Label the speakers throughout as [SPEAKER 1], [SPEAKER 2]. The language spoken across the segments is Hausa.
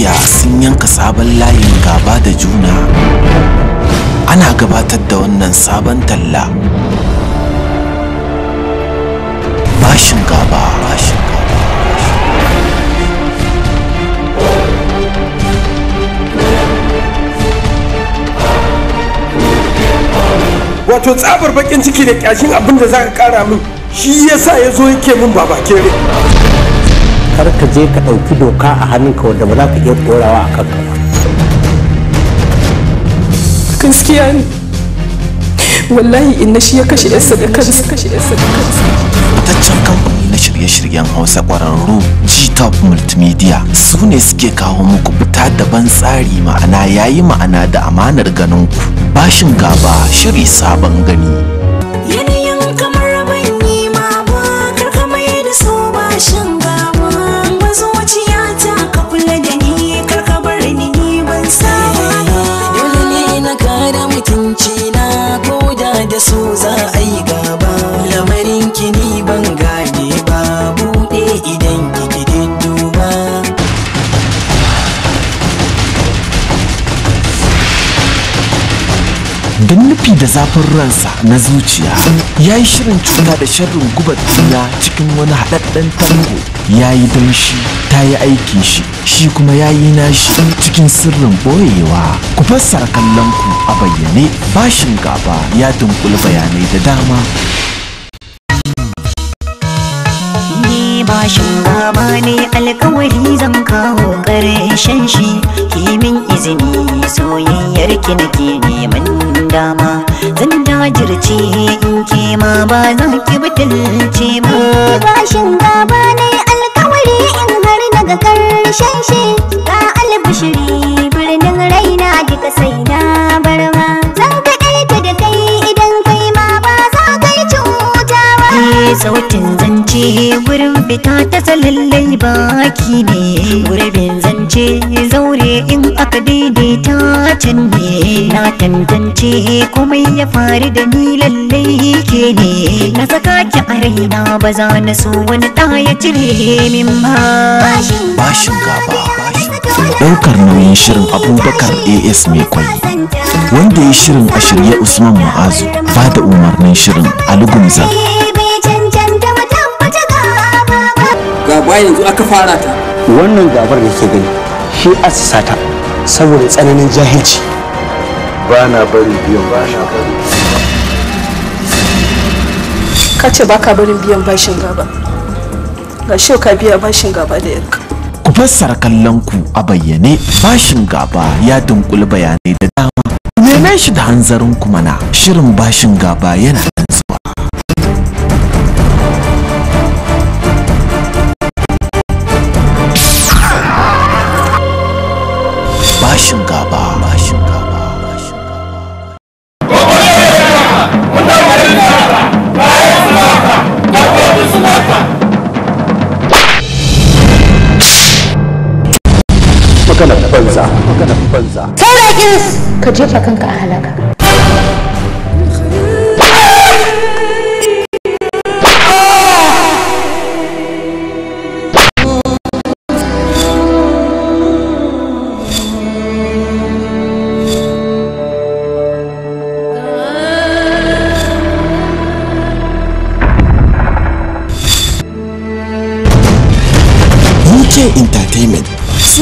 [SPEAKER 1] tsakiya sun yanka sabon layin gaba da juna ana gabatar da wannan sabon talla bashin gaba
[SPEAKER 2] wato tsabar bakin ciki da kyashin abin da za ka kara min shi yasa ya zo yake min
[SPEAKER 1] babakere kar ka je ka ɗauki doka a hannunka wanda ba za ka iya korawa a kanka ba.
[SPEAKER 2] gaskiya ne wallahi in na shi ya kashe yarsa da kansa fitaccen
[SPEAKER 1] kamfani na shirye-shiryen hausa kwararru g-top multimedia su ne suke kawo muku fita daban tsari ma'ana yayi ma'ana da amanar ganin ku bashin gaba shiri sabon gani da zafin ransa na zuciya ya yi shirin cuta da sharrin gubar cikin wani haɗaɗɗen tango ya yi don shi ta yi aiki shi shi kuma ya yi nashi cikin sirrin boyewa ku fassara kallonku a bayyane bashin gaba ya dunkuli bayanai da dama
[SPEAKER 3] bashin gaba ne alkawari zan kawo ƙarshen shi kimin izini soyayyar ki nake neman dama jajirce in ke ma ba za ki butulce ba bashin gaba ne alkawari in har daga karshen shi ga albishiri birnin raina duka sai na bar ma zan ɗaita da kai idan kai ma ba za yi cuta
[SPEAKER 4] ba eh, sautin
[SPEAKER 3] zance fita ta salallai baki ne gurbin zance zaure in aka daidaita can ne na tantance komai ya faru da ni lallai ke ne na saka ki a raina ba za na so wani ɗa ya cire min ba
[SPEAKER 4] bashin gaba
[SPEAKER 1] ɗaukar nauyin shirin abubakar as mai kwai wanda ya shirin a shirye usman ma'azu ba umarnin shirin Ali Gumza. Eh, amma yanzu aka fara ta wannan gabar da ke gani shi asasa sata saboda tsananin jahilci
[SPEAKER 4] ba
[SPEAKER 5] na bari
[SPEAKER 6] biyan bashin gaba
[SPEAKER 7] ka ce ba ka barin biyan bashin gaba ga shi ka biya bashin gaba da yanka
[SPEAKER 1] ku fassara kallon ku a bayyane bashin gaba ya dunkuli bayanai da dama neme shi da hanzarin kumana shirin bashin gaba yana
[SPEAKER 7] ka jefa kanka a halaka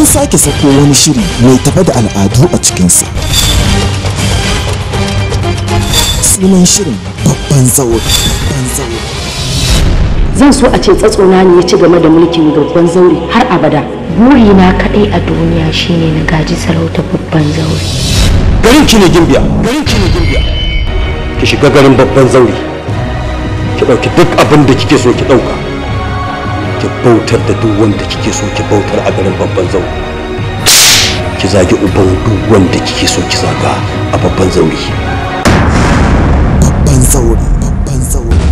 [SPEAKER 1] sake sako wani shiri mai tafa da al'adu a cikinsa sunan shirin
[SPEAKER 7] babban zaure zan so a ce tsatsona ne ya ci game da mulkin babban zauri har abada burina kaɗai a duniya shine na gaji sarauta babban zaure
[SPEAKER 5] garin ki ne gimbiya garin ki ne gimbiya ki shiga garin babban zaure ki dauki duk abin da kike so ki dauka ki bautar da duk wanda kike so ki bautar a garin babban zaure ki zagi uban duk wanda kike so ki zaga a babban zauri
[SPEAKER 1] babban zauri babban zauri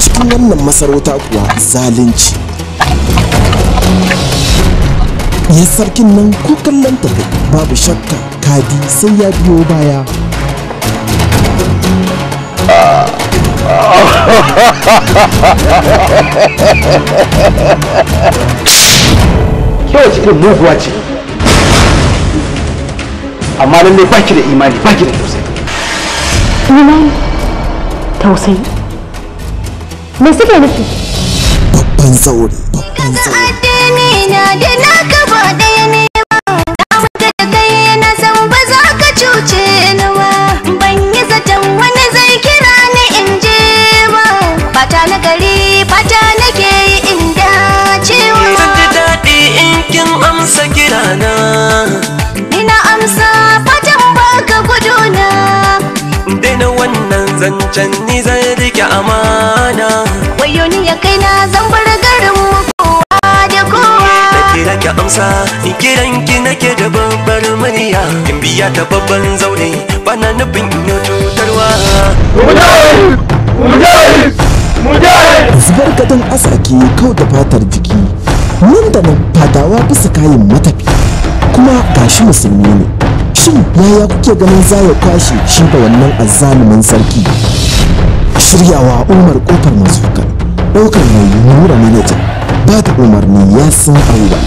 [SPEAKER 1] cikin wannan masarauta kuwa zalunci ya sarkin nan ko kallon babu shakka kadi sai ya biyo baya
[SPEAKER 5] kyau cikin muguwa ce amma lallai baki da imani baki da tausayi
[SPEAKER 3] imani tausayi me suke nufi
[SPEAKER 5] babban tsauri babban
[SPEAKER 6] tsauri
[SPEAKER 8] can ni zai rike amana
[SPEAKER 6] wayo ni ya kai na zan bar garin mu kowa
[SPEAKER 8] da kowa take rake amsa ni kiran ki nake da babbar maniya. in biya ta babban zaure bana nufin in yi tutarwa
[SPEAKER 1] zubar gadon asake kau da fatar jiki nan da nan fadawa bisa kayan matafi kuma gashi musulmi ne shin yaya kuke ganin za ya kwashe shi da wannan azzalumin sarki shiryawa umar kofar masukar ɗaukar mai nura manaja ba ta umarni ya san auba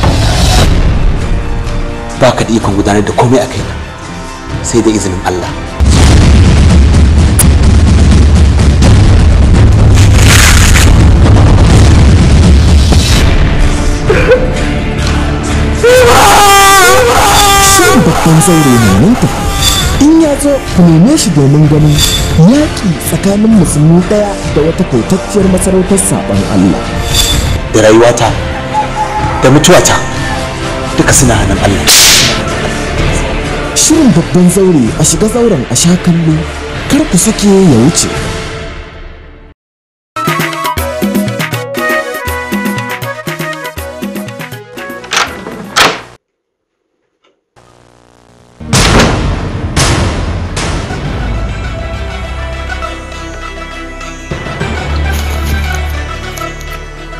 [SPEAKER 5] ba ka da ikon gudanar da komai a kaina
[SPEAKER 1] sai da izinin allah
[SPEAKER 4] babban zaure ne
[SPEAKER 1] nan tafi zo ku neme shi domin ganin yaƙi tsakanin musulmi ɗaya da wata kotacciyar masarautar saɓon Allah. Da rayuwata da mutuwata duka suna hannun Allah. Shirin babban zaure a shiga zauren a sha kallo kar ku sake ya wuce.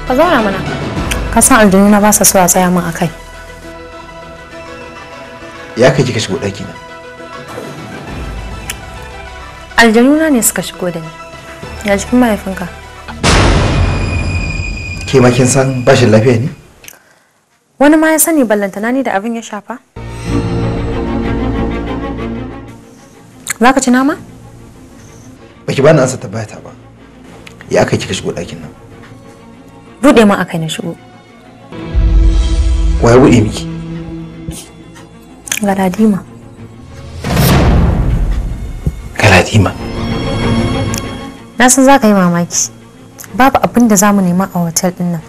[SPEAKER 7] ka zauna mana ka san aljanu na ba sa so a tsaya min akai
[SPEAKER 1] ya kai kika shigo ɗaki na
[SPEAKER 7] aljanu na ne suka shigo da ni ya cikin mahaifinka
[SPEAKER 1] ke ma kin san bashin lafiya ne
[SPEAKER 7] wani ma ya sani ballantana ne da abin ya shafa za ka ci nama
[SPEAKER 1] ba na bani ansa tabbata ba ya aka kika shigo ɗakin nan
[SPEAKER 7] Buɗe min aka na shigo.
[SPEAKER 1] Waye buɗe miki? Galadima. Galadima.
[SPEAKER 7] Na san za ka yi mamaki. Babu abin da za mu nema a hotel ɗin nan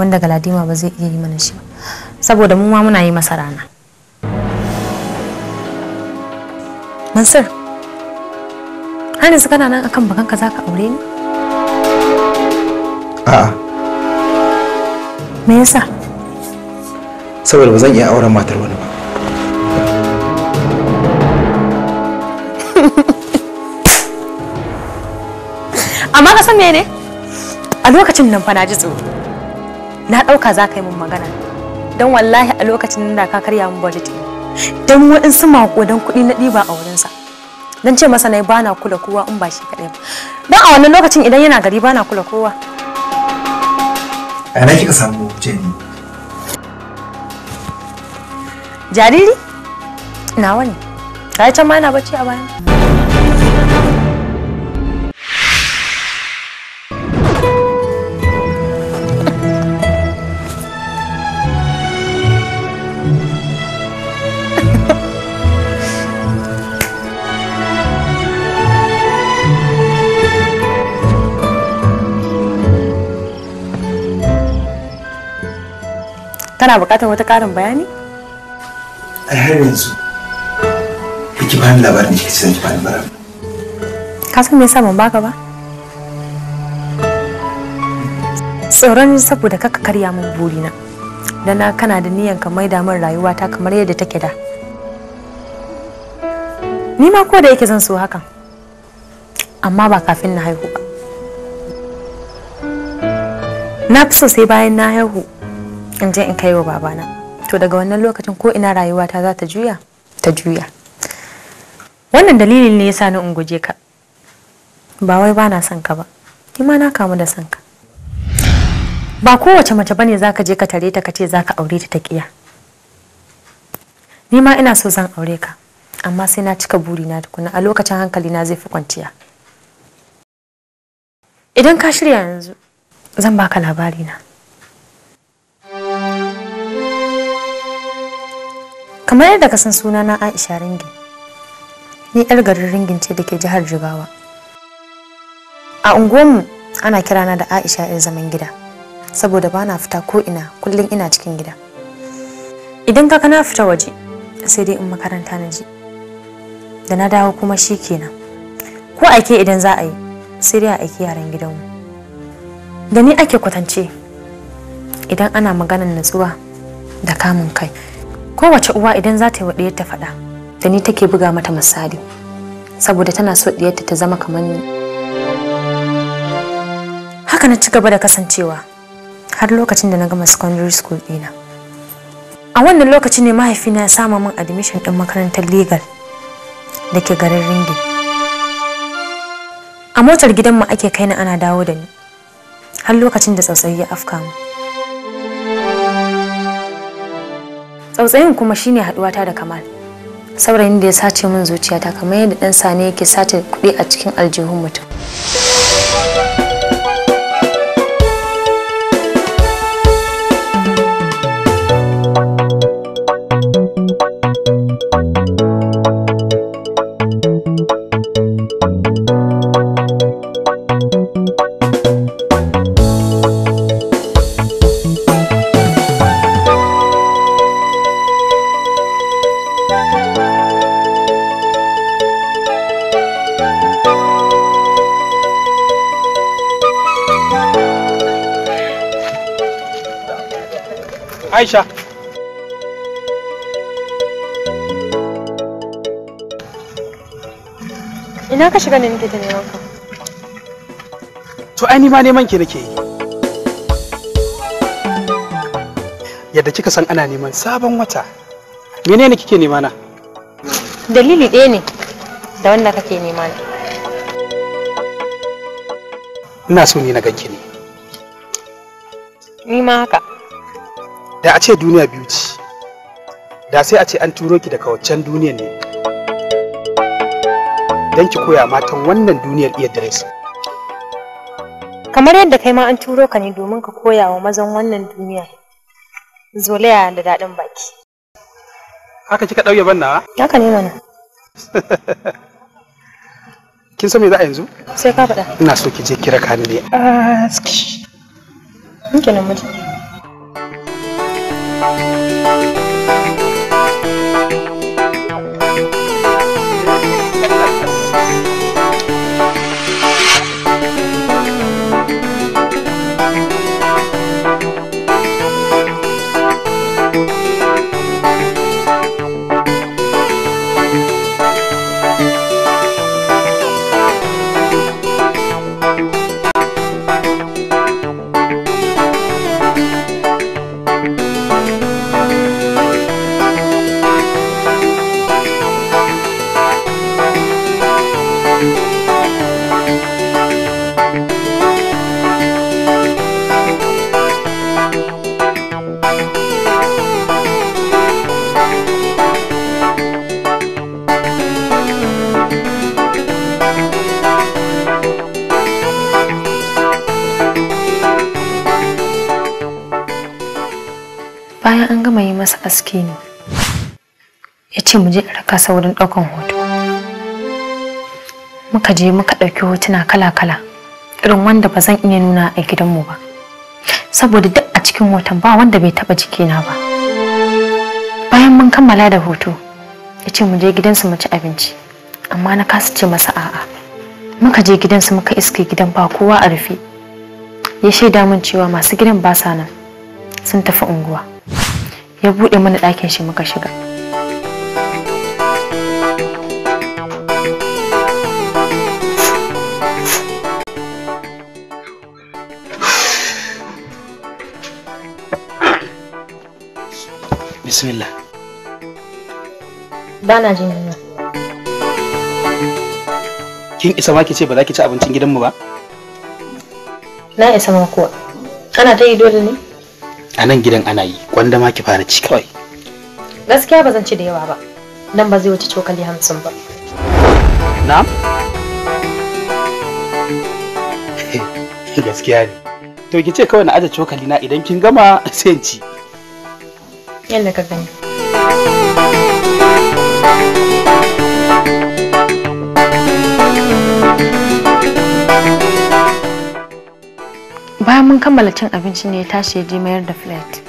[SPEAKER 7] wanda Galadima ba zai iya yi mana shi ba. Saboda mu ma muna yi masa rana. Mansur, har yanzu kana nan akan bakanka za ka aure ni? A'a. me yasa
[SPEAKER 1] saboda ba zan iya auren matar wani ba
[SPEAKER 7] amma ka san mene a lokacin nan fa na ji tsoro na ɗauka za ka yi min magana don wallahi a lokacin nan da ka karya min budget don waɗansu maƙudan kuɗi na ɗiba a wurinsa don ce masa na bana kula kowa in ba shi kaɗai ba don a wannan lokacin idan yana gari bana kula kowa
[SPEAKER 1] a kika samu jariri
[SPEAKER 7] jariri nawa ne ka can ma na bacci a bayan kana bukatar wata karin bayani
[SPEAKER 1] ai har yanzu kike bani labarin da kike son ki bani bara
[SPEAKER 7] ka san me yasa ban baka ba tsoron saboda kaka karya min burina da na kana da niyan ka maida min rayuwata kamar yadda take da ni ma ko da yake zan so hakan amma ba kafin na haihu ba na fi so sai bayan na haihu in je in kaiwa babana to daga wannan lokacin ko ina rayuwata za ta juya ta juya wannan dalilin ne yasa ni in guje ka ba wai bana son ka ba ni na kamu da son ka ba kowace mace bane zaka je ka tare ta kace zaka aure ta ta kiya ni ma ina so zan aure ka amma sai na cika buri na tukuna a lokacin hankali na zai fi kwanciya idan ka shirya yanzu zan baka labari na kamar yadda ka san suna na Aisha Ringin ni yar garin Ringin ce da ke jihar Jigawa a unguwarmu ana kirana da Aisha yar zaman gida saboda ba na fita ko ina kullum ina cikin gida idan ka kana fita waje sai dai in makaranta na je da na dawo kuma shi ko ake idan za a yi sai dai a aiki yaran gidanmu da ni ake kwatance idan ana maganar natsuwa da kamun kai kowace uwa idan za ta yi wa ɗiyarta faɗa da ni take buga mata misali saboda tana so ɗiyarta ta zama kamar ni haka na ci gaba da kasancewa har lokacin da na gama secondary school ɗina a wannan lokaci ne mahaifina ya sama min admission ɗin makarantar legal da ke garin ringi a motar gidanmu ake kai na ana dawo da ni har lokacin da tsautsayi ya afka mu Tsautsayin kuma shine haduwata da Kamal. Saurayin da ya sace min zuciyata kamar yadda dan sane yake sace kuɗi a cikin aljihun mutum. aisha ina ka shiga ne nake ta neman ka
[SPEAKER 2] to ai ni ma neman ki nake yi yadda kika san ana neman sabon wata menene kike nema na dalili
[SPEAKER 7] ɗaya ne da wanda kake nema ne.
[SPEAKER 2] ina so ne na ganki ne
[SPEAKER 7] ni ma haka
[SPEAKER 2] da a ce duniya biyu ce da sai a ce an turo ki daga waccan duniyar ne don ki koya matan wannan duniyar iya su.
[SPEAKER 7] kamar yadda kai ma an turo ka ne domin ka koya wa mazan wannan duniya zolaya da daɗin baki
[SPEAKER 2] haka kika ɗauke banna haka ne mana kin san me za a yanzu
[SPEAKER 7] sai ka faɗa
[SPEAKER 2] ina so ki je kira ka ne
[SPEAKER 7] aski kike nan mutum Música aske ne ya ce mu je a raka ɗaukan hoto muka je muka ɗauki hotuna kala-kala irin wanda ba zan iya nuna a gidanmu ba saboda duk a cikin hoton ba wanda bai taɓa jikina ba bayan mun kammala da hoto ya ce mu je gidansu mu ci abinci amma na kasa ce masa a'a muka je gidansu muka iske gidan ba kowa a rufe ya shaida mun cewa masu gidan ba sa nan sun tafi unguwa ya buɗe mana ɗakin shi muka shiga bismillah bana jin yunwa
[SPEAKER 2] kin isa ma ki ce ba za ki ci abincin gidanmu ba
[SPEAKER 7] na isa ma kuwa ana ta yi dole ne
[SPEAKER 2] a nan gidan ana yi kwanda ma ki fara ci kawai
[SPEAKER 7] gaskiya ba zan ci da yawa ba nan ba zai wuce cokali hamsin
[SPEAKER 4] ba
[SPEAKER 2] na'am gaskiya ne to ki ce kawai na aje cokali na idan kin gama sai in ci
[SPEAKER 7] yalla ka gani bayan mun kammala cin abinci ne ya tashi ya je mayar da flat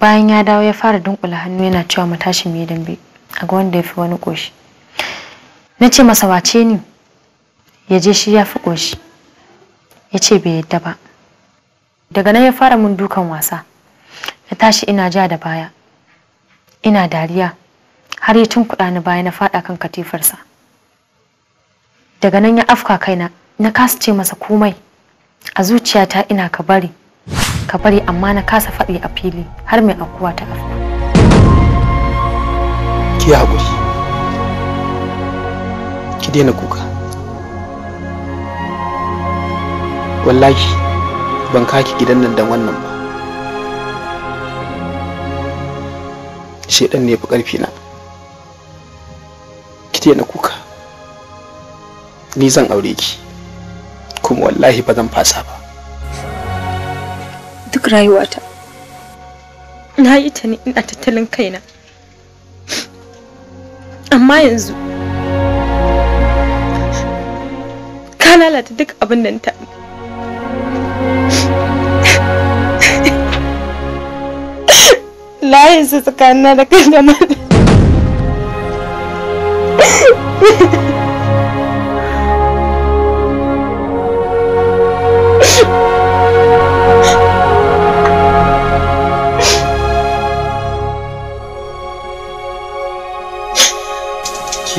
[SPEAKER 7] bayan ya dawo ya fara dunkula hannu yana cewa mu tashi mu yi dambe a ga wanda ya fi wani koshi na ce masa wace ni ya je shi ya fi koshi ya ce bai yadda ba daga nan ya fara mun dukan wasa na tashi ina ja da baya ina dariya har ya tun ni baya na faɗa kan katifarsa daga nan ya afka kaina na kasa ce masa komai a zuciyata ina ka bari ka bari amma na kasa faɗi a fili har mai aukuwa ta afu
[SPEAKER 1] ki haƙuri
[SPEAKER 2] ki daina kuka wallahi ban kaki gidan nan dan wannan ba shedan ne fi ƙarfi na ki daina kuka ni zan aure ki kuma wallahi ba zan fasa ba
[SPEAKER 7] duk rayuwata na yi ta ne ina tattalin kaina amma yanzu ka lalata duk abin da ta
[SPEAKER 4] layin su tsakanin da kai da mata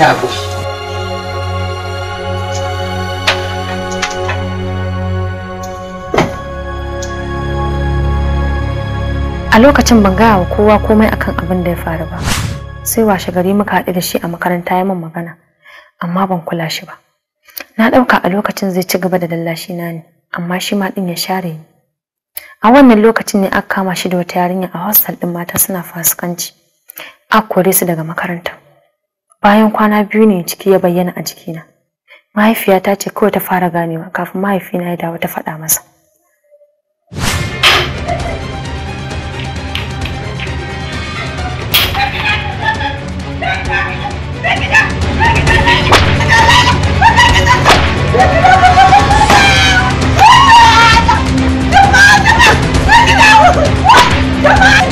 [SPEAKER 1] a
[SPEAKER 7] lokacin ban gaya wa kowa komai akan abin da ya faru ba sai washe gari muka haɗu da shi a makaranta ya min magana amma ban kula shi ba na ɗauka a lokacin zai ci gaba da lallashi na ne amma shi ma ɗin ya share ni a wannan lokacin ne aka kama shi da wata yarinya a hostel ɗin mata suna fasikanci a kore su daga makarantar bayan kwana biyu ne ciki ya bayyana a jikina mahaifiyata ce kawai ta fara ganewa kafin mahaifina ya dawo ta faɗa masa
[SPEAKER 4] Come on!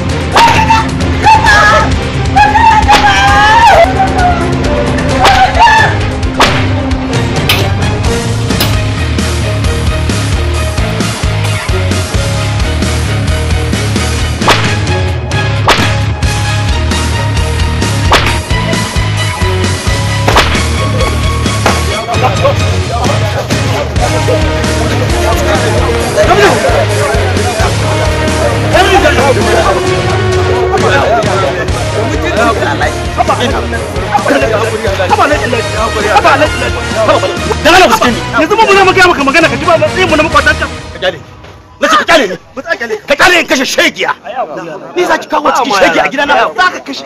[SPEAKER 5] Dan Allah fuske ni. Yanzu mun zo maka magana ka ji ba sai mu ka. Kyale. Na kyale ni. Ka kyale kashe shegiya. Ni za ki kawo cikin shegiya a gidana. Za ka kashe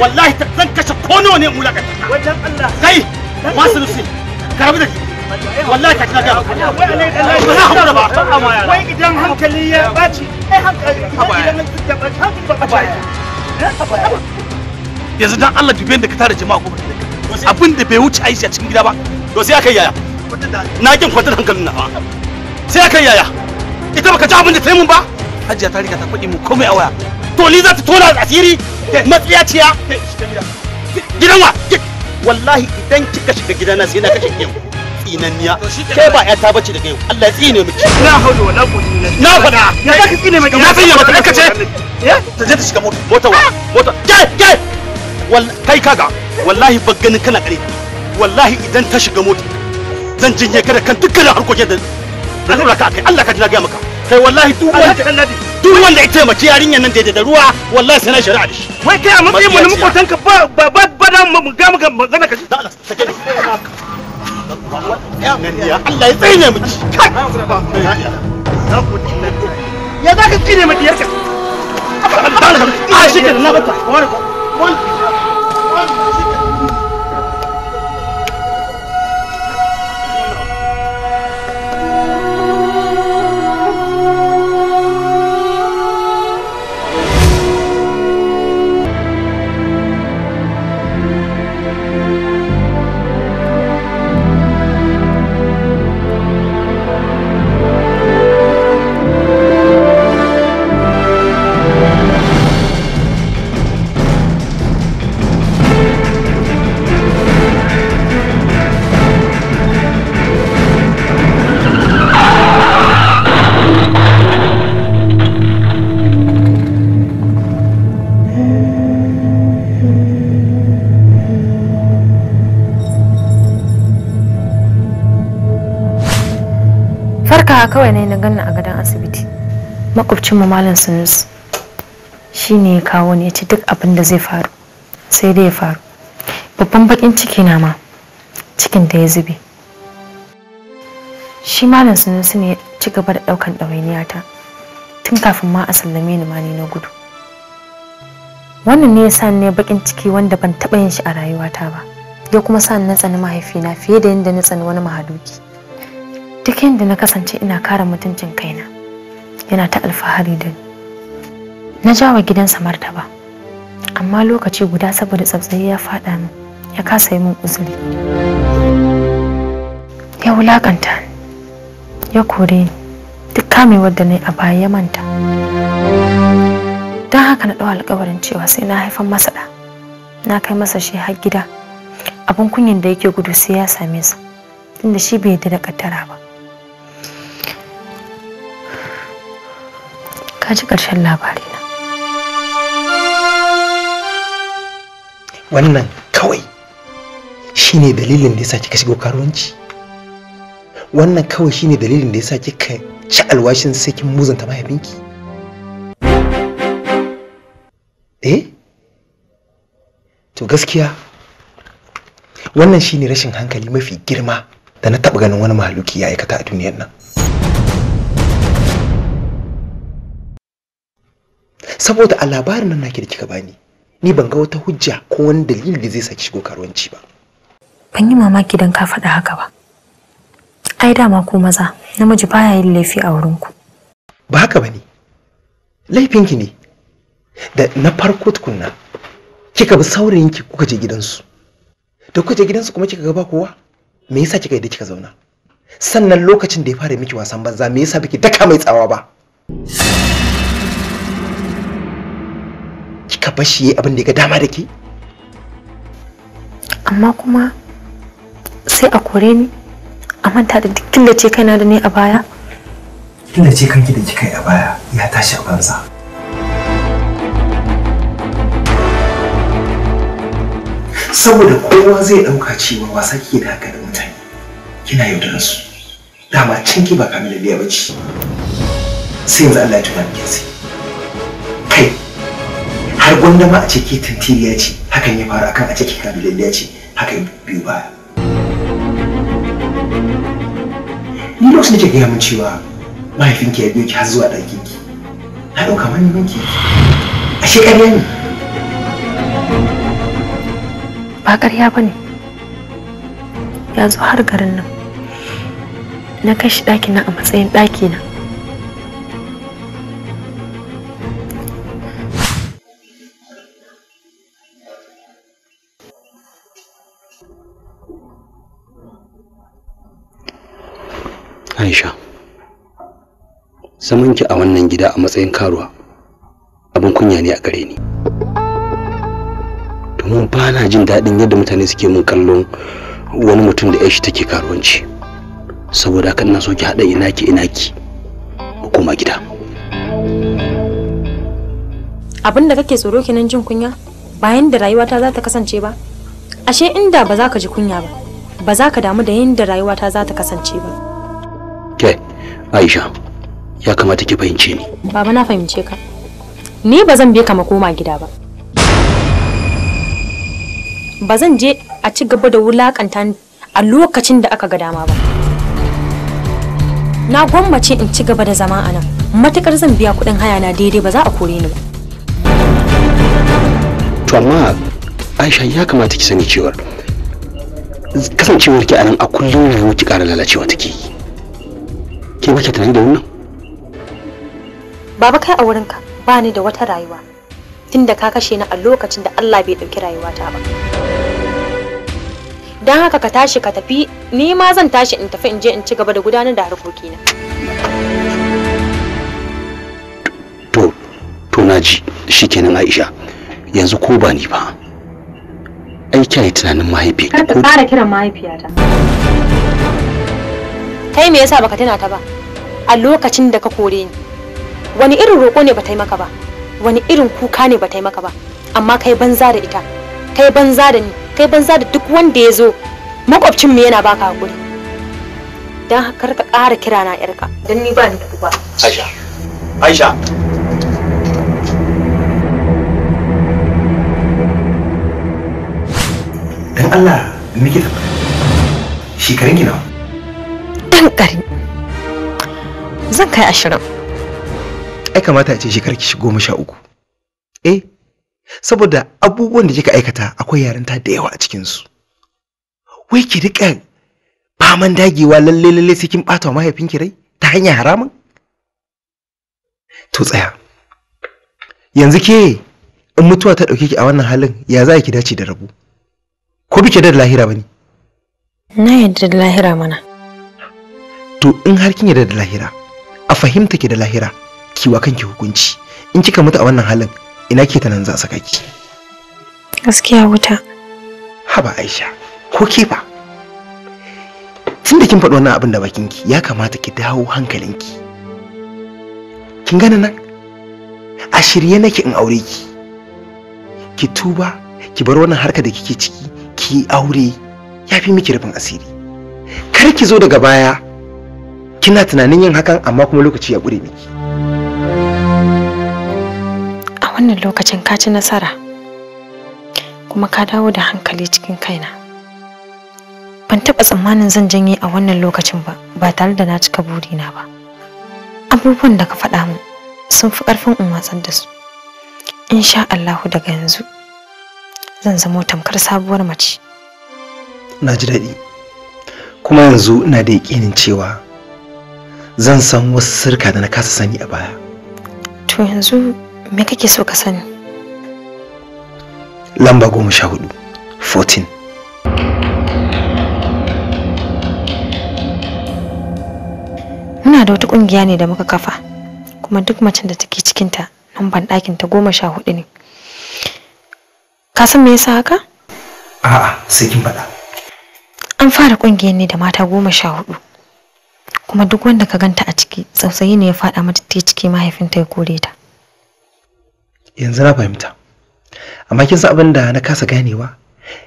[SPEAKER 5] wallahi zan kashe ko nawa ne mulaka wajen Allah kai masu nusi karabi da wallahi ka kira gaba ba za haura ba wai idan hankali ya baci ai hankali idan da baci hankali ba baci yanzu dan Allah dubiyar da ka tara jama'a gobe abin da bai wuce aisha cikin gida ba to sai aka yaya na kin kwantar hankalin na sai aka yaya ita baka ji abin da ta yi mun ba hajiya ta riga ta faɗi mu komai a waya to ni za ta tona asiri matsiyaciya gidan wa wallahi idan kika shiga gidana sai na kashe yau tsinanniya kai ba ta bace daga yau Allah ya tsine miki na haula wala quwwata na fada ya ta tsine miki na tsine mata kace ta je ta shiga mota mota mota kai kai kai kaga wallahi ba ganin kana kare wallahi idan ta shiga mota zan jinye ka da kan dukkanin harkokin da na kai Allah ka ji na ga maka kai wallahi duk wani duk wanda ya taimaki yarinyar nan da da ruwa wallahi sai na shari'a da shi wai kai a matsayin mu na makotan ka ba ba ba ba da mu ga mu ga magana ka da Allah sake ni Allah ya tsaye ne mu ci ya za ka tsine mu diyar ka a shi ke na bata wani
[SPEAKER 7] kawai na yi na ganna a gadon asibiti makwabcin mu malam sunus shi ne ya kawo ne ya duk abin da zai faru sai dai ya faru babban bakin ciki na ma cikin da ya zube shi malam sunus ne ci gaba da daukan ɗawainiyata tun kafin ma a sallame ni ma ni na gudu wannan ne ya ne bakin ciki wanda ban taɓa yin shi a rayuwata ba ya kuma sa na tsani mahaifina fiye da yadda na tsani wani mahaduki duk yadda na kasance ina kare mutuncin kaina yana ta alfahari da ni. na ja wa gidansa martaba amma lokaci guda saboda tsabtsayi ya faɗa min ya kasa yi min uzuri ya wulakanta ya kore ni duk kamewar da na yi a baya ya manta don haka na ɗau alkawarin cewa sai na haifan masa ɗa na kai masa shi har gida abin kunyan da yake gudu sai ya same su, inda shi bai yarda da kaddara ba ka ji ƙarshen labari na
[SPEAKER 1] wannan kawai shine dalilin da yasa kika shigo karuwanci wannan kawai shine dalilin da yasa kika ci alwashin sai kin muzanta mahaifinki eh to gaskiya wannan shine rashin hankali mafi girma da na taɓa ganin wani mahaluki ya aikata a duniyar nan saboda a labarin nan nake da kika bani ni ban ga wata hujja ko wani dalili da zai saki shigo karuwanci ba
[SPEAKER 7] ban yi mamaki dan ka faɗa haka ba ai dama ko maza namiji baya yin laifi a wurin ku
[SPEAKER 1] ba haka bane laifinki ne da na farko tukunna kika bi saurayinki kuka je gidansu da kuka je gidansu kuma kika ga ba kowa me yasa kika yi da kika zauna sannan lokacin da ya fara miki wasan banza me yasa biki daka mai tsawa ba kika bar shi yayi abin da ya ga dama da ke
[SPEAKER 7] amma kuma sai a kore ni a manta da duk ce kaina da ni a baya
[SPEAKER 1] ce kanki da kika yi a baya ya tashi a banza saboda kowa zai dauka cewa wasa kike da haka da mutane kina yaudara su dama cinki ba kamar da biya bace sai yanzu Allah ya tuna miki sai har gwanda ma a ce tantiriya ce hakan ya faru akan a ce ke ce haka biyu baya ni lokacin da nake gaya min cewa mahaifinki ya biyo ki har zuwa ɗakinki
[SPEAKER 7] na ɗauka mahaifinki a shekarya ne ba ƙarya ba ne ya zo har garin nan na kashi ɗakina a matsayin ɗakina
[SPEAKER 4] Aisha
[SPEAKER 2] ki a wannan gida a matsayin karuwa abin kunya ne a gare ni domin ba na jin daɗin yadda mutane suke mun kallon wani mutum da yashi take karuwanci saboda kan na so ki haɗa inaki inaki ki koma gida
[SPEAKER 7] abin da kake tsoro kenan jin kunya bayan da rayuwata za ta kasance ba ashe inda ba za ka ji kunya ba ba za ka damu da yadda rayuwata za ta kasance ba
[SPEAKER 5] Kai, Aisha, ya kamata ki fahimce ni.
[SPEAKER 7] Baba na fahimce ka. Ni ba zan bi ka koma gida ba. Ba zan je a ci gaba da wulakanta a lokacin da aka ga dama ba. Na gwammace in ci gaba da zama a nan. Matukar zan biya kuɗin haya na daidai ba za a kore ni ba.
[SPEAKER 5] To amma Aisha ya kamata ki sani cewar
[SPEAKER 1] kasancewar a nan a kullum rayuwar ki ƙara lalacewa take yi.
[SPEAKER 5] ke wace tunani da wannan
[SPEAKER 7] baba kai a wurinka ba ni da wata rayuwa tunda ka kashe ni a lokacin da Allah bai ɗauki rayuwata ba dan haka ka tashi ka tafi ni ma zan tashi in tafi in je in ci gaba da gudanar da harkokina
[SPEAKER 2] to to na ji shikenan Aisha yanzu ko ba ni ba ai kai tunanin
[SPEAKER 7] mahaifiyarka kar ka fara kiran mahaifiyata kai me yasa baka tana ta ba a lokacin da ka kore ni wani irin roƙo ne ba yi maka ba wani irin kuka ne ba yi maka ba amma kai banza da ita kai banza da ni kai banza da duk wanda ya zo makwabcin mu yana baka hakuri dan kar ka ƙara kira na yarka dan ni ba ni ba
[SPEAKER 5] Aisha Aisha dan
[SPEAKER 1] Allah me ke tabbata shekarun ki nawa
[SPEAKER 7] ɗan zan kai ashirin
[SPEAKER 1] ai kamata a ce shekarar ki goma sha uku eh saboda abubuwan da kika aikata akwai yarinta da yawa a cikinsu wai ki rika faman dagewa lalle lalle sai kin ɓata wa mahaifinki rai ta hanyar haramun to tsaya yanzu ke in mutuwa ta ɗauke ki a wannan halin ya za ki dace da rabu ko bike da lahira bane
[SPEAKER 7] na yadda da lahira mana
[SPEAKER 1] to in har kin yarda da lahira a fahimta ki da lahira ki wa kanki hukunci in kika mutu a wannan halin ina ke ta nan za saka ki
[SPEAKER 7] gaskiya wuta
[SPEAKER 1] haba aisha ko ke ba tunda kin faɗi wannan abin da bakin ki ya kamata ki dawo hankalin ki kin gane nan a shirye nake in aure ki ki tuba ki bar wannan harka da kike ciki ki aure ya fi miki rufin asiri kar ki zo daga baya kina tunanin yin hakan amma kuma lokaci ya ƙure miki
[SPEAKER 7] a wannan lokacin ka ci nasara kuma ka dawo da hankali cikin kaina ban taɓa tsammanin zan janye a wannan lokacin ba ba tare da na cika burina ba abubuwan da ka faɗa mu sun fi ƙarfin in watsar da su insha Allahu daga yanzu zan zamo tamkar sabuwar mace
[SPEAKER 1] na ji daɗi kuma yanzu na da yaƙinin cewa zan san wasu sirka da na kasa sani a baya
[SPEAKER 7] to yanzu me kake so ka sani
[SPEAKER 1] lamba goma sha hudu 14
[SPEAKER 7] muna da wata kungiya ne da muka kafa kuma duk macen da take cikinta lamban ɗakin ta goma sha hudu ne ka san me yasa haka
[SPEAKER 1] a'a sai kin
[SPEAKER 7] faɗa an fara kungiyar ne da mata goma sha hudu kuma duk wanda ka ganta a ciki tsausayi ne ya faɗa mata ta ciki mahaifinta ya kore ta
[SPEAKER 1] yanzu na fahimta amma kin san abin da na kasa ganewa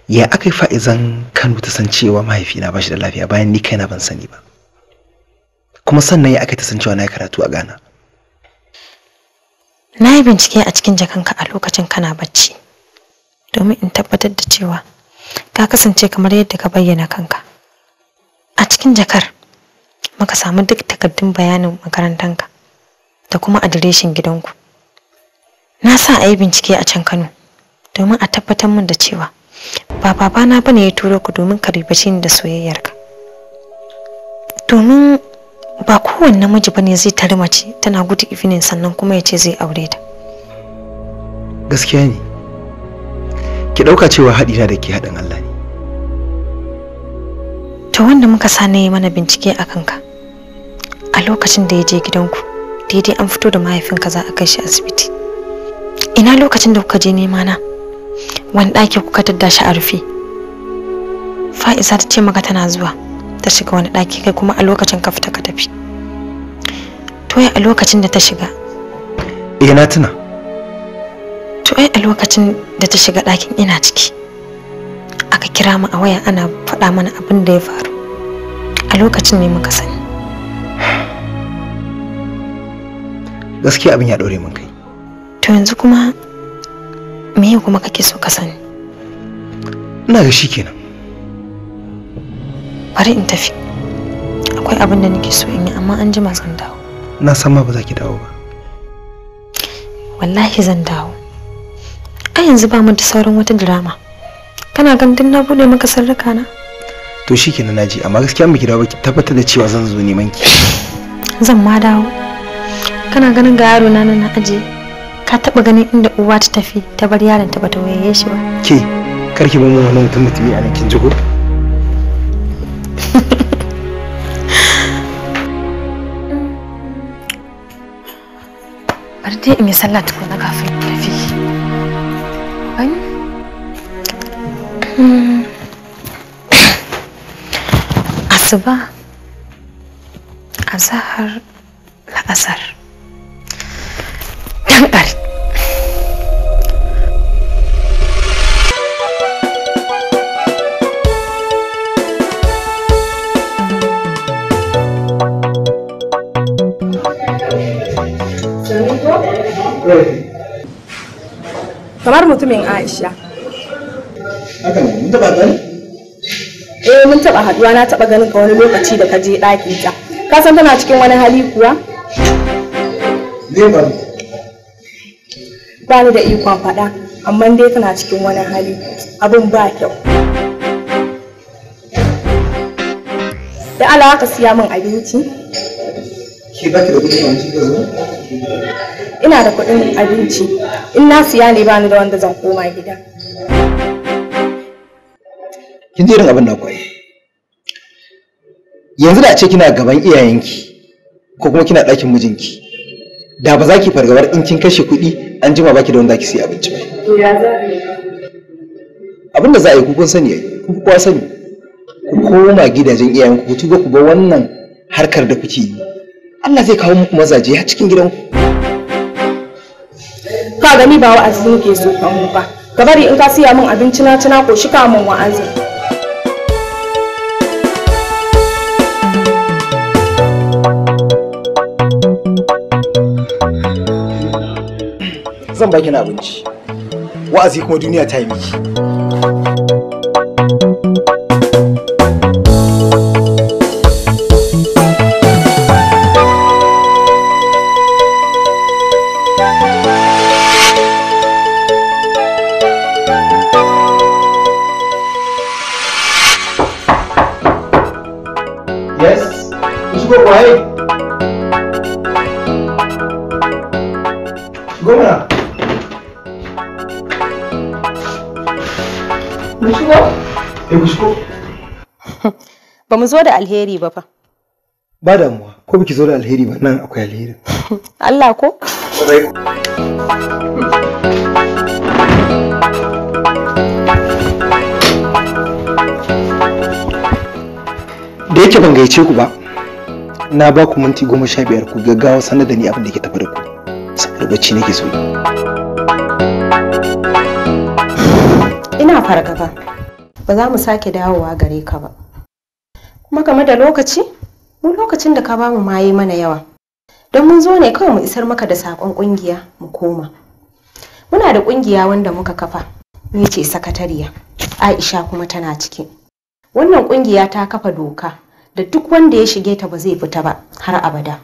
[SPEAKER 1] ya aka yi fa'izan Kano ta san cewa mahaifina ba shi da lafiya bayan ni kaina ban sani ba kuma sannan ya aka ta san cewa na yi karatu a Ghana
[SPEAKER 7] na yi bincike a cikin jakanka a lokacin kana bacci domin in tabbatar da cewa ka kasance kamar yadda ka bayyana kanka a cikin jakar muka samu duk takardun bayanin makarantanka da kuma adireshin gidanku na sa a yi bincike a can kano domin a tabbatar min da cewa ba babana bane ya turo ku domin ka ribaci ni da soyayyarka domin ba kowanne namiji bane zai tare tana gudu ifinin sannan kuma ya ce zai aure ta
[SPEAKER 1] gaskiya ne ki ɗauka cewa haɗina da ke haɗin Allah ne
[SPEAKER 7] to wanda muka sani mana bincike a kanka a lokacin da ya je gidanku daidai an fito da mahaifinka za a kai shi asibiti ina lokacin da kuka je nema na wani ɗaki kuka tadda shi a rufe fa'iza ta ce maka tana zuwa ta shiga wani ɗaki kai kuma a lokacin ka fita ka tafi to a lokacin da ta shiga ina eh, na tuna to a lokacin da ta shiga ɗakin ina ciki aka kira mu a waya ana faɗa mana abin da ya faru a lokacin ne muka sani
[SPEAKER 1] gaskiya abin ya ɗore min kai
[SPEAKER 7] to yanzu kuma me kuma kake so ka sani
[SPEAKER 1] ina ga shi kenan
[SPEAKER 7] bari in tafi akwai abin da nake so in yi amma an jima zan dawo
[SPEAKER 1] na san ma ba za ki dawo ba
[SPEAKER 7] wallahi zan dawo a yanzu ba mu da sauran wata drama kana gandun na bude maka sarraka na
[SPEAKER 1] to shikenan naji amma gaskiya miki dawo ki tabbatar da cewa zan zo neman ki
[SPEAKER 7] zan ma dawo kana ganin ga yaro na nan na aje ka taba ganin inda uwa ta tafi ta bar yaron ta bata wayaye shi ba
[SPEAKER 1] ke karki ba mu wannan mutum mutumi a nan kin ji ko
[SPEAKER 7] bari dai in yi sallah tukuna kafin tafi bani Hmm. asuba أزهر لا أزهر kamar mutumin aisha
[SPEAKER 5] haka mun taba gani
[SPEAKER 7] eh mun taba haduwa na taba ganin ka wani lokaci da ka je daki ta ka san tana cikin wani hali kuwa ne ba ba ni da ikon faɗa amma dai tana cikin wani hali abin ba kyau da Allah ka siya min abinci
[SPEAKER 1] ke baki da kudin abinci da
[SPEAKER 7] ina da kudin abinci in na siya ne ba ni da wanda zan koma gida
[SPEAKER 1] kin ji irin abin da kwaye yanzu da a ce kina gaban iyayenki ko kuma kina ɗakin mijinki da ba za ki fargabar in kin kashe kuɗi an jima baki da wanda ki sai abinci ba abin da za a yi kun sani ku kuwa sani ku koma gidajen iyayenku ku tuba ku bar wannan harkar da kuke yi
[SPEAKER 7] Allah zai kawo muku mazaje har cikin gidanku ka gani ba wa'azi ke so ka mu ba ka bari in ka siya min abinci na ci na koshi ka min wa'azi
[SPEAKER 1] baki na abinci wa'azi kuma duniya ta yi miki
[SPEAKER 7] ba mu zo da alheri ba fa
[SPEAKER 1] ba damuwa ko biki zo da alheri ba nan akwai alheri
[SPEAKER 7] Allah ko
[SPEAKER 4] da yake
[SPEAKER 1] ban gaice ku ba na ba ku minti goma sha biyar ku gaggawa sanar da ni abin da ke tafi da ku saboda bacci nake so
[SPEAKER 7] ina fargaba ba za mu sake dawowa gare ka ba kuma game da lokaci mu lokacin da ka bamu maye mana yawa don mun zo ne kawai mu isar maka da sakon ƙungiya, mu koma muna da ƙungiya wanda muka kafa ni ce sakatariya aisha kuma tana ciki wannan ƙungiya ta kafa doka da duk wanda ya shige ta ba zai fita ba har abada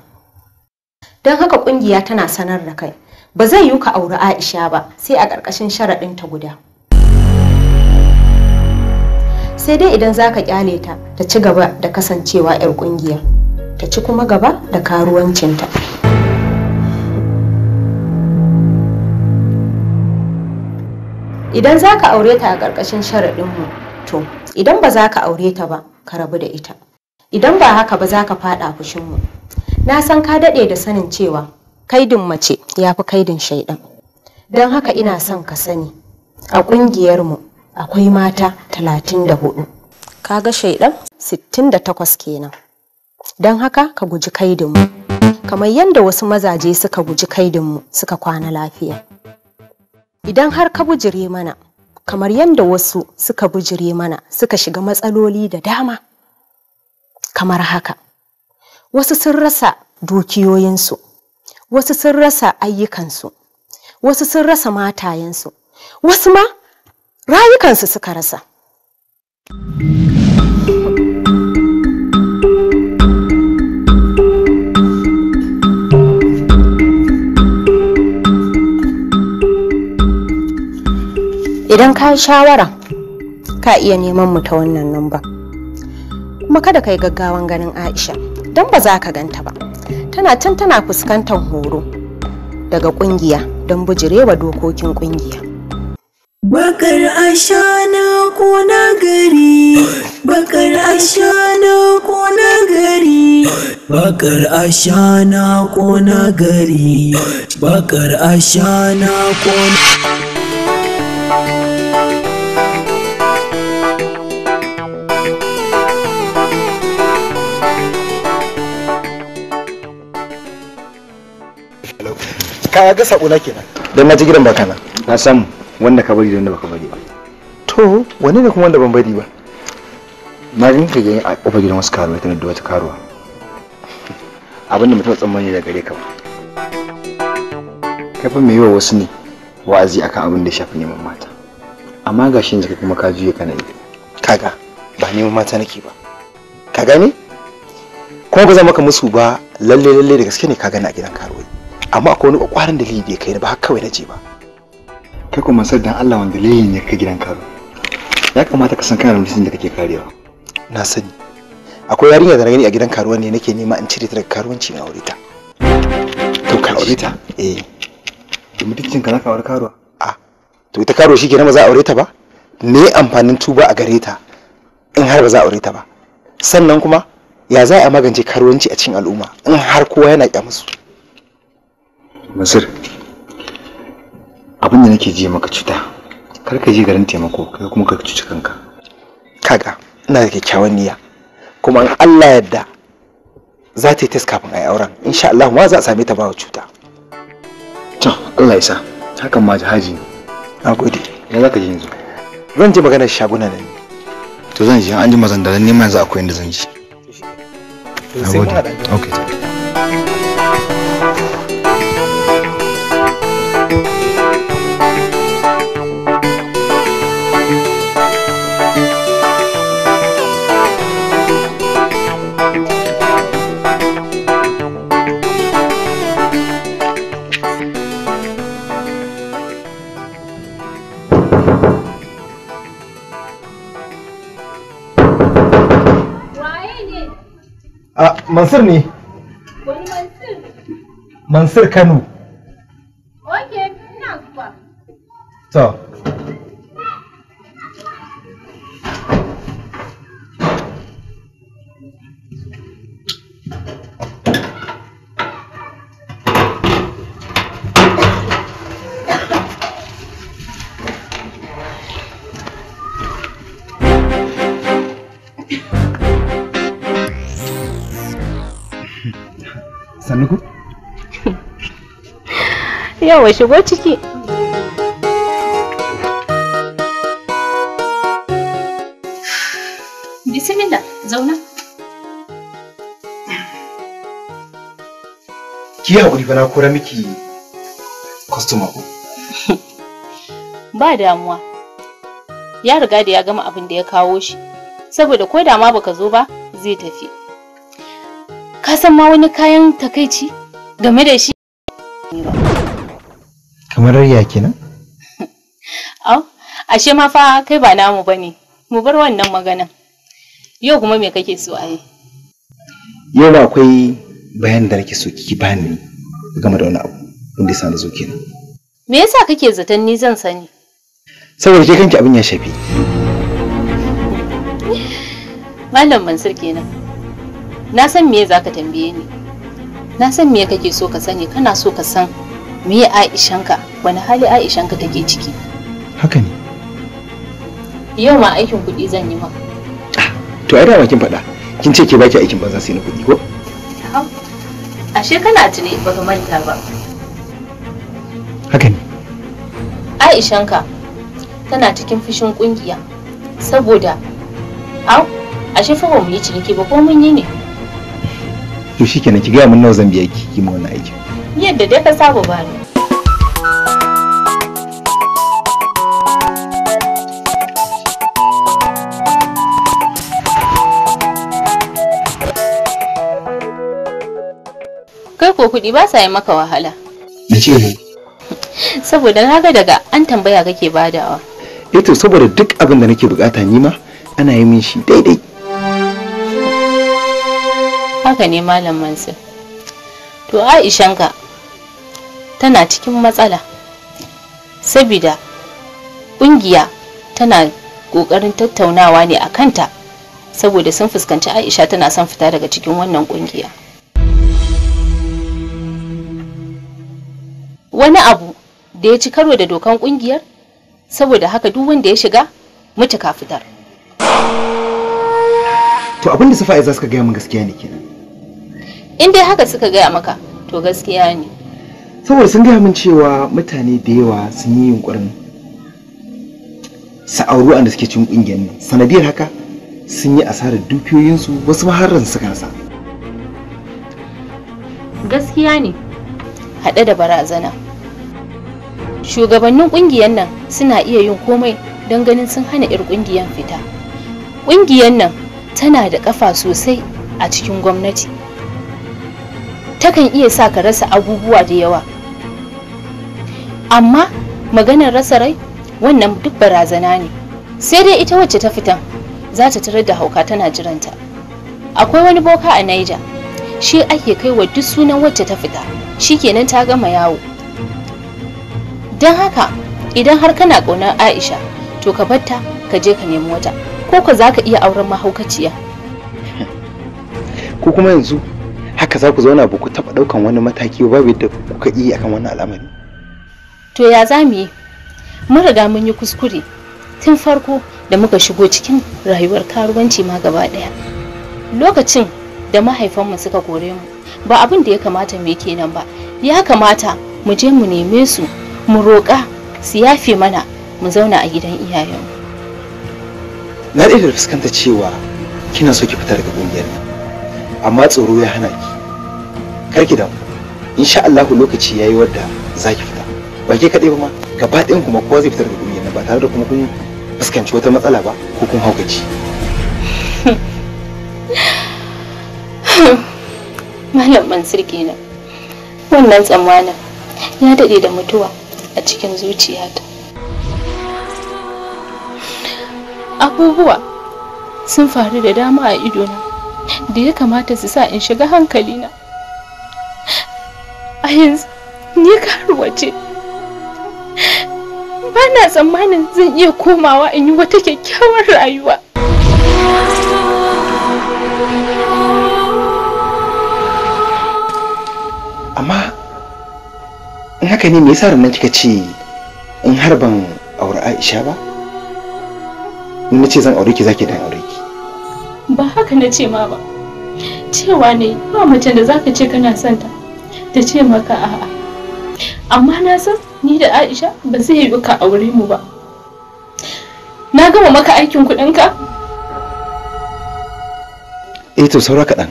[SPEAKER 7] don haka ƙungiya tana sanar da kai ba zai yi ka auri aisha ba sai a ƙarƙashin sharaɗin ta guda sai dai idan za ka kyale ta ta ci gaba da kasancewa 'yar kungiya ta ci kuma gaba da karuwancinta idan za ka aure ta a ƙarƙashin sharaɗinmu to idan ba za ka aure ta ba ka rabu da ita idan ba haka ba za ka faɗa fushinmu na san ka daɗe da sanin cewa kaidin mace ya fi kaidin shaidan don haka ina son ka sani a ƙungiyarmu akwai mata 34 kaga shaidan 68 kenan don haka ka guji kaidinmu kamar yadda wasu mazaje suka guji kaidinmu suka kwana lafiya idan har ka bujire mana kamar yadda wasu suka bujire mana suka shiga matsaloli da dama kamar haka wasu sun rasa dukiyoyinsu wasu sun rasa ayyukansu wasu sun rasa matayensu wasu ma rayukansu suka rasa idan ka shawara ka iya neman mu ta wannan namba kuma kada ka yi gaggawan ganin aisha don ba za ka ganta ba tana can tana fuskantar horo daga ƙungiya don bujirewa dokokin ƙungiya.
[SPEAKER 6] Bakar ashana ko na gari,
[SPEAKER 8] bakar ashana ko na gari, bakar ashana ko na gari, bakar ashana ko na
[SPEAKER 1] gari. Kaya ga saƙo na kenan. Don na ji gidan bakana. Na samu. wanda ka bari da wanda baka bari ba to wani ne kuma wanda ban bari ba na jin ka gani a kofar gidan wasu karuwa ta da wata karuwa abinda mutum tsammani da gare ka ba kai fa mai yiwa wasu ne wa'azi akan abin da ya shafi neman mata amma ga shi yanzu kuma ka juye kana yi kaga ba neman mata nake ba ka gane kuma ba zan maka musu ba lalle lalle da gaske ne ka gani a gidan karuwa amma akwai wani kwakwaran dalili da ya kai ba haka kawai na je ba kai kuma sai dan Allah wanda dalilin ne ka gidan karo ya kamata ka san kana da mutum da kake karewa na sani akwai yarinya da na gani a gidan karuwa ne nake nema in cire ta daga karuwanci na aure ta to ka aure ta eh to mutuncin ka zaka aure karuwa a to ita karuwa na ba za a aure ta ba ne amfanin tuba a gare ta in har ba za a aure ta ba sannan kuma ya za a magance karuwanci a cikin al'umma in har kowa yana kyamusu masir abin da nake ji maka cuta kar ka je garin taimako kai kuma ka cuci kanka kaga ina da kyakkyawan niyya kuma in Allah yadda za ta yi test kafin a yi auren insha Allah ma za a same ta ba cuta to Allah ya sa hakan ma jihaji ne na gode ya za ka ji yanzu zan je maganar shaguna ne to zan je an ji mazan da neman yanzu akwai inda zan je na gode okay a mansur ne mansur kano
[SPEAKER 7] Oke, ina kuwa. to yawa shigo ciki bismillah zauna
[SPEAKER 1] ki na kura miki kwastoma ko
[SPEAKER 7] ba damuwa ya riga da ya gama abin da ya kawo shi saboda ko da ma baka zo ba zai tafi ka san ma wani kayan takaici game da shi you.
[SPEAKER 1] kamar ya kenan
[SPEAKER 7] au ashe ma fa kai ba namu bane mu bar wannan magana. yau kuma me kake so a yi
[SPEAKER 1] yau ba akwai bayan da nake so ki bani game da wani abu wanda yasa na zo kenan
[SPEAKER 7] me yasa kake zaton ni zan sani
[SPEAKER 1] saboda ke kanki abin ya shafi
[SPEAKER 7] malam mansur kenan na san me zaka tambaye ni na san me kake so ka sani kana so ka san me aishanka wani hali aishanka take ciki haka ne yau ma aikin kuɗi zan yi ma
[SPEAKER 1] ah, to ai dama kin faɗa kin ce ke baki aikin banza sai na kuɗi ko
[SPEAKER 7] ashe kana tuni baka manta ba haka ne aishanka tana cikin fushin ƙungiya, saboda au ashe fa ba mu yi ciniki ba ko mun yi ne
[SPEAKER 1] to shikenan ki ga mun nawa zan biya ki ki mu wannan aikin
[SPEAKER 7] yadda dai ka saba bani kai ko kuɗi ba sa yi maka wahala da ce saboda na ga daga an tambaya kake badawa
[SPEAKER 1] ito eh saboda duk abin da nake bukata ni ma ana yi min shi daidai
[SPEAKER 7] haka ne malam mansur to aishanka tana cikin matsala sabida ƙungiya tana ƙoƙarin tattaunawa ne a kanta saboda sun fuskanci aisha tana son fita daga cikin wannan ƙungiya wani abu da ya ci karo da dokan ƙungiyar saboda haka duk wanda ya shiga mutu ka fitar
[SPEAKER 1] to abinda safa'i za su gaya min gaskiya ne kenan
[SPEAKER 7] in dai haka suka gaya maka to gaskiya ne
[SPEAKER 1] saboda sun gaya min cewa mutane da yawa sun yi yunkurin sa'auru da suke cin kungiyar nan sanadiyar haka sun yi asarar dukiyoyinsu wasu maharran su kansa
[SPEAKER 7] gaskiya ne haɗe da barazana shugabannin kungiyar nan suna iya yin komai don ganin sun hana 'yar kungiyar fita kungiyar nan tana da ƙafa sosai a cikin gwamnati takan iya sa ka rasa abubuwa da yawa amma maganar rasa rai wannan duk barazana ne sai dai ita wacce ta fitan za ta tarar da hauka tana jiranta akwai wani boka a naija shi ake kai wa duk sunan wacce ta fita shi kenan ta gama yawo don haka idan har kana ƙaunar aisha to ka batta ka je ka nemi wata ko ka za ka iya auren mahaukaciya
[SPEAKER 1] ko kuma yanzu haka za ku zauna ba ku taɓa ɗaukan wani mataki ba babu yadda kuka iya akan wannan al'amari
[SPEAKER 7] to ya za mu yi mun riga mun yi kuskure tun farko da muka shigo cikin rayuwar karuwanci ma gaba ɗaya lokacin da mahaifanmu suka kore mu ba abin da ya kamata mu kenan ba ya kamata mu je mu neme su mu roƙa su yafe mana mu zauna a gidan iyayenmu
[SPEAKER 1] na da fuskanta cewa kina so ki fita daga ƙungiyar nan amma tsoro ya hana ki kar ki damu insha Allah lokaci yayi wadda za fita ba ke kaɗai ba ma gaba ɗayan kuma kowa zai fitar da duniya nan ba tare da kuma kun fuskanci wata matsala ba ko kun haukaci
[SPEAKER 7] malam sirke na wannan tsammanin ya daɗe da mutuwa a cikin zuciyata abubuwa sun faru da dama a idona da ya kamata su sa in shiga hankalina a yanzu ni karuwa ce ba na tsammanin zan iya komawa in yi wata kyakkyawar rayuwa
[SPEAKER 1] amma in haka ne me yasa rannan kika ce in har ban aure Aisha ba ni ce zan aure ki zaki dan aure
[SPEAKER 7] baka na ce ma ba cewa ne ba macen da zaka ce kana son ta ta ce maka a'a amma na san ni da Aisha ba zai yi ka aure mu ba na gama maka aikin kuɗin ka
[SPEAKER 1] eh to saura kaɗan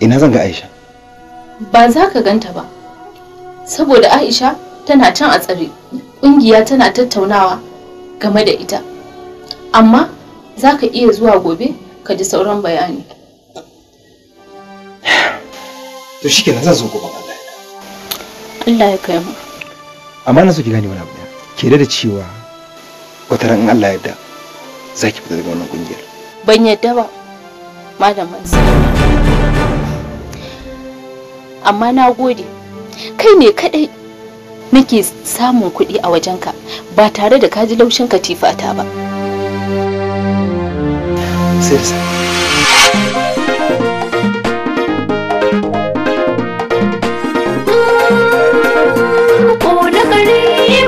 [SPEAKER 1] ina zan ga Aisha
[SPEAKER 7] ba za ka ganta ba saboda Aisha tana can a tsare ƙungiya tana tattaunawa game da ita amma za ka iya zuwa gobe ka ji sauran bayani
[SPEAKER 1] to shikenan zan zo gobe Allah ya Allah ya kai mu amma na so ki gane wani abu ke da cewa wata ran Allah ya yarda za ki fita daga wannan kungiyar
[SPEAKER 7] ban yarda ba malamin amma na gode kai ne kadai nake samun kuɗi a wajenka ba tare da ka ji laushin katifata ba. Sales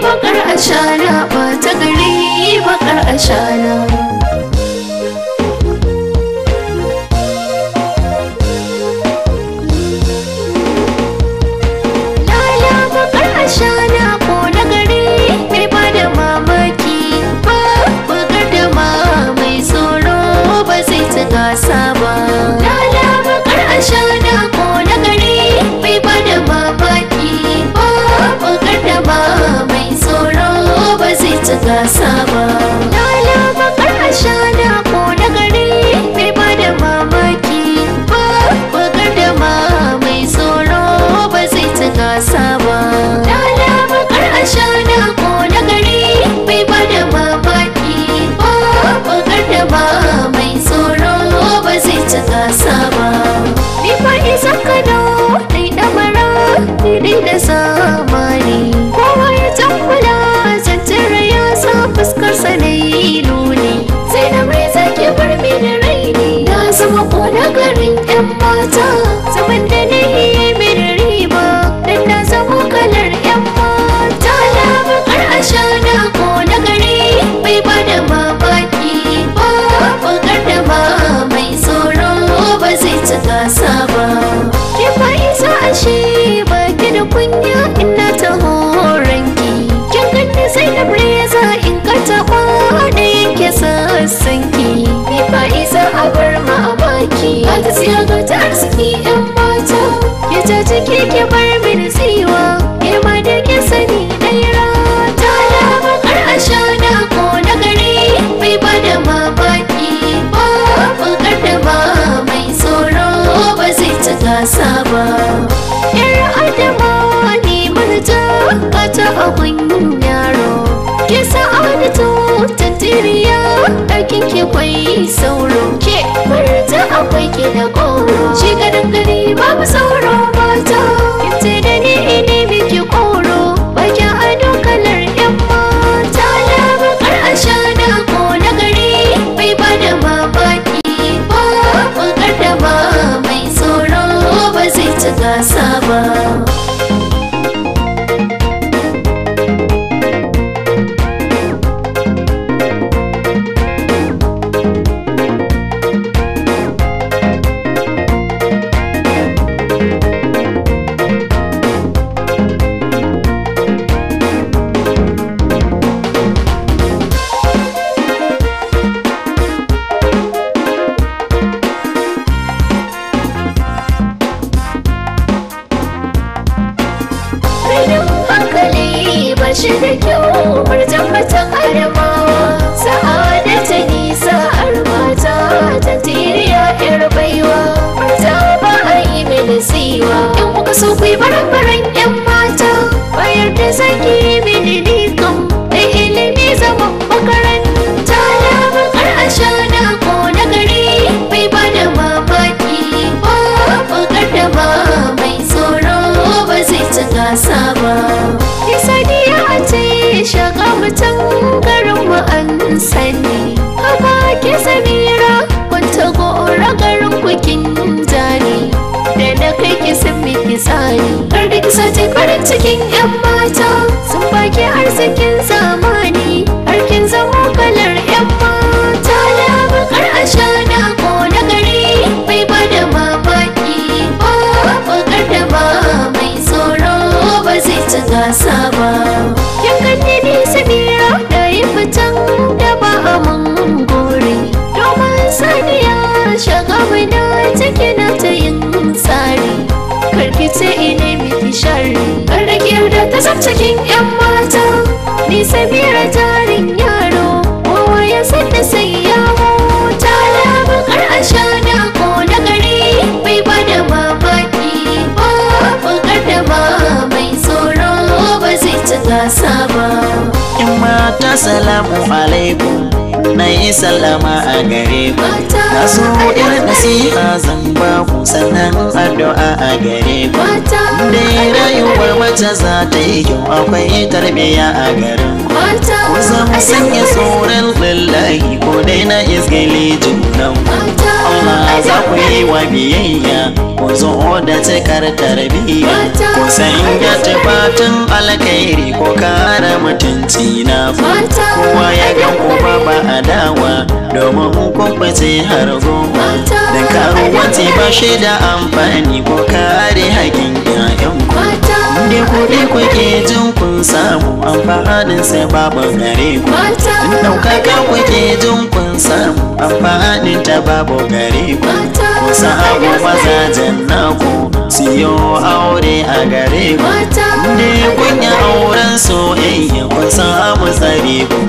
[SPEAKER 6] bakar ashana ba ta gari bakar ashana lala bakar ashana musu gasa ba lala bakar ashana ko na gari mai ba da mamaki ba bakar da ma mai tsoro ba zai ta gasa ba lala bakar ko na gari mai ba da mamaki ba bakar da ma mai tsoro ba zai ta gasa ba ni fa kana zuciya ga yan mata ya ta cike ke bar mini tsiwa ke ma da ke sani naira ta da bakar ashana ko na gari bai ba da mamaki ba bakar da ba mai tsoro ba zai ci gasa ba yar adama ne marta ba ta abin yaro ke sa'adatu tantiriya kwai sauro ke marta akwai ke da koro shi garin gari babu sauro mata kince da ni ne miki koro bakin ado kalar yan mata a bakar ashana ko na gari bai ba da baki ba bakar da ba mai sauro ba zai ci gasa ba cikin 'yan mata sun baki arzikin zamani harkin zama kalar 'yan mata da bakar ashana ko na gari bai ba da mamaki ba bakar da ba mai tsoro ba zai ci gasa ba yan ne samira da yi fitan da ba a mun gori domin saniya shagaba na take na ta yin tsari karki ta ina shari Dauda ta cikin 'yan mata Ni Samira jarin yaro Kowa ya san da sai ya mota Da bakar ashana ko na gari Bai bada mamaki ba Bakar da ba mai tsoro ba zai ci gasa ba 'Yan mata
[SPEAKER 8] salamu alaikum na yi sallama a gare ku na so yar nasiha zan ba ku sannan addu'a a gare ku dai rayuwar mace za ta yi kyau akwai tarbiya a garin ku zama sanya tsoron lallahi ko dai na isgali junan Allah za ku yi wa biyayya ku zo da cikar tarbiyya ku sanya fatan alkairi ko kara mutunci na kowa ya ga ku ba adawa domin kwakwatse har goma da karuwanci ba shi da amfani ko kare hakin yayanku inda kuɗi kuke jin kun samu amfanin sai babu gare ku in ɗaukaka kuke jin kun samu amfanin ta babu gare ku ku samu mazajen naku siyo aure a gare ku
[SPEAKER 6] inda kun yi auren
[SPEAKER 8] soyayya kun samu tsari kun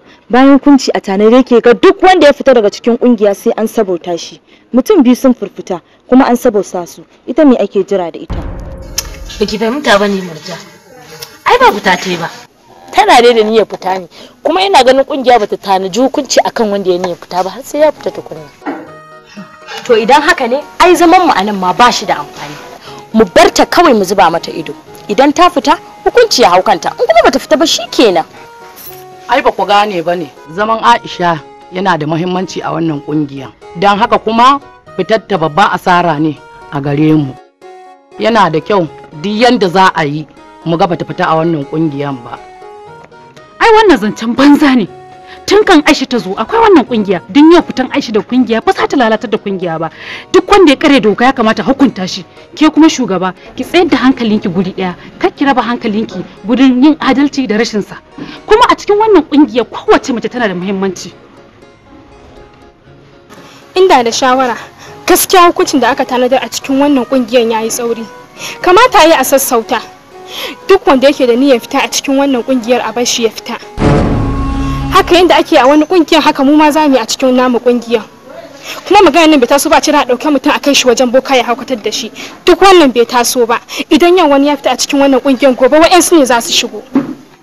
[SPEAKER 7] bayan kunci a tanare ke ga duk wanda ya fita daga cikin kungiya sai an sabota shi mutum biyu sun furfuta kuma an sabota su ita me ake jira da ita baki fahimta bane murja ai ba fita tai ba tana dai da niyyar fita ne kuma ina ganin kungiya bata tanaji hukunci akan wanda ya niyyar fita ba har sai ya fita ta tukunna to idan haka ne ai zaman mu anan ma ba shi da amfani mu barta kawai mu zuba mata ido idan ta fita hukunci ya haukanta in kuma bata fita ba shikenan ai ba ku gane ba ne zaman aisha yana da mahimmanci a wannan kungiya don haka kuma fitar ta babban asara
[SPEAKER 2] ne a gare mu yana da kyau duk yadda za a yi mu ga bata fita
[SPEAKER 7] a wannan kungiyan ba ai wannan zancen banza ne tun kan aisha ta zo akwai wannan kungiya duk yau fitan aisha da kungiya ba za ta lalatar da kungiya ba duk wanda ya kare doka ya kamata hukunta shi ke kuma shugaba ki tsayar da hankalinki guri daya kar ki raba hankalinki gudun yin adalci da rashin sa kuma a cikin wannan kungiya kowace mace tana da muhimmanci inda da shawara gaskiya hukuncin da aka tanadar a cikin wannan kungiyar yayi tsauri kamata yi a sassauta duk wanda yake da niyyar fita a cikin wannan kungiyar a bashi ya fita haka yanda ake a wani kungiyar haka mu ma za mu yi a cikin namu kungiyar kuma magana nan bai taso ba cira dauke mutum a kai shi wajen boka ya haukatar da shi duk wannan bai taso ba idan yau wani ya fita a cikin wannan kungiyar gobe wa'yansu ne za su shigo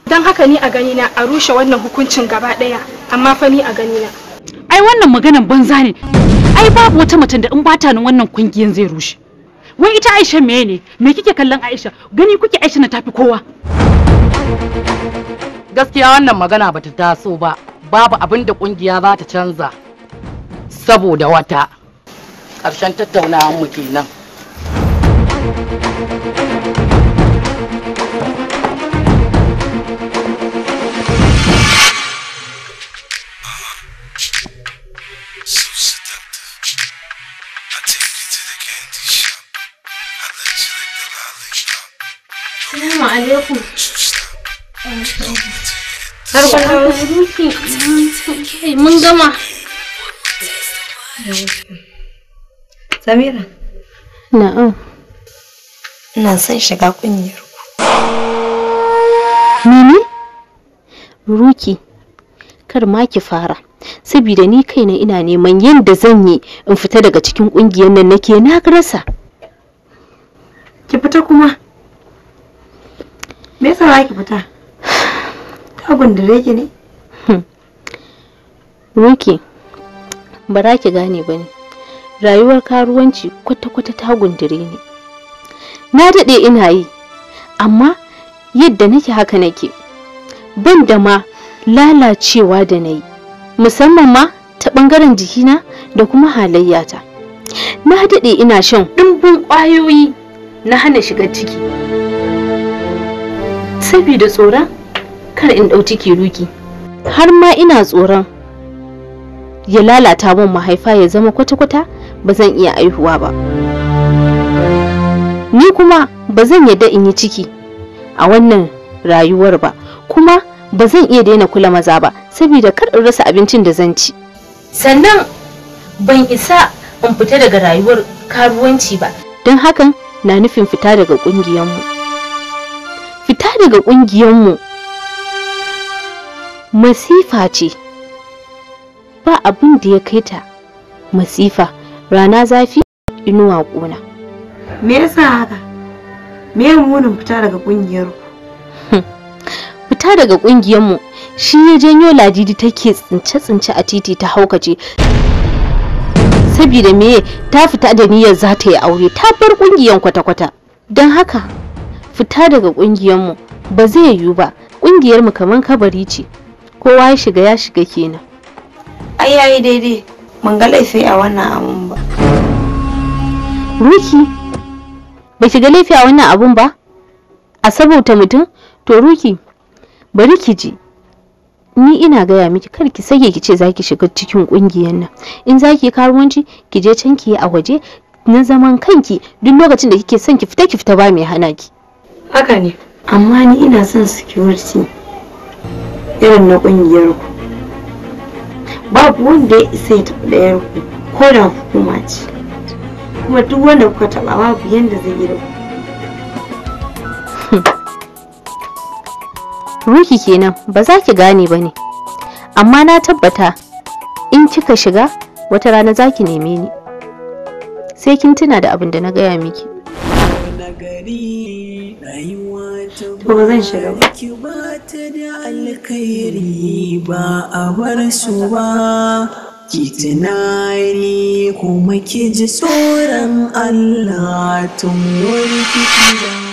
[SPEAKER 7] don haka ni a gani na a rushe wannan hukuncin gaba daya amma fa ni a gani na ai wannan maganan banza ne ai babu wata mutum da in bata nan wannan kungiyar zai rushe wai ita Aisha meye ne me kike kallon Aisha gani kuke Aisha na tafi kowa gaskiya wannan magana ba ta taso ba babu abin da
[SPEAKER 2] kungiya za ta canza saboda wata ƙarshen tattaunawa mu kenan
[SPEAKER 7] Assalamu alaikum. mun gama samira na'am ina son shiga kungiyar ku mene ruki kar ma ki fara saboda ni kaina ina neman yadda zan yi in fita daga cikin kungiyar nan nake na rasa ki fita kuma me yasa ki fita abin da ne Ruki, hmm. ba za ki gane ba ne. Rayuwar karuwanci kwata-kwata ta gundure ni. Na daɗe ina yi, amma yadda nake haka nake. Ban da ma lalacewa da na yi, musamman ma ta ɓangaren jikina da kuma halayyata. Na daɗe ina shan ɗumbin ƙwayoyi na hana shiga ciki. Sabida tsoron kar in ɗauki kiruki. ruki har ma ina tsoron ya lalata min mahaifa ya zama kwata-kwata ba zan iya aihuwa ba ni kuma ba zan yadda in yi ciki a wannan rayuwar ba kuma ba zan iya daina kula maza ba saboda kar in rasa abincin da zan ci sannan ban isa in fita daga rayuwar karuwanci ba don hakan na nufin fita daga ƙungiyarmu fita daga ƙungiyarmu masifa ce ba abin da ya kai ta masifa rana zafi inuwa ƙuna me yasa haka me munin fita daga ƙungiyar hmm. fita daga ƙungiyarmu shi ya janyo ladidi take tsince-tsince a titi ta haukace saboda me ta fita da niyyar za ta yi aure ta bar ƙungiyar kwata-kwata don haka fita daga mu ba zai yiwu ba ƙungiyarmu kamar kabari ce kowa ya shiga ya shiga kenan ai yayi daidai mun ga laifi a wannan abun ba ruki ba ki ga laifi a wannan abun ba a saboda mutum to ruki bari ki ji ni ina gaya miki kar ki sake ki ce zaki shiga cikin kungiyar nan in zaki karuwanci ki je can ki yi a waje na zaman kanki duk lokacin da kike son ki fita ki fita ba mai hana ki haka ne amma ni ina son security irin na kungiyar ku babu wanda ya isa ya taɓa ɗayar ku ko da hukuma ce kuma duk wanda kuka taɓa babu yanda zai yi da ku Ruki kenan ba za ki gane ba ne amma na tabbata in kika shiga wata rana za ki neme ni sai kin tuna da abin da na gaya miki gari rayuwa ta
[SPEAKER 8] bariki ba ta da alkhairi ba a bar su ba ki tunani kuma ki ji tsoron Allah tun wani kiki ba.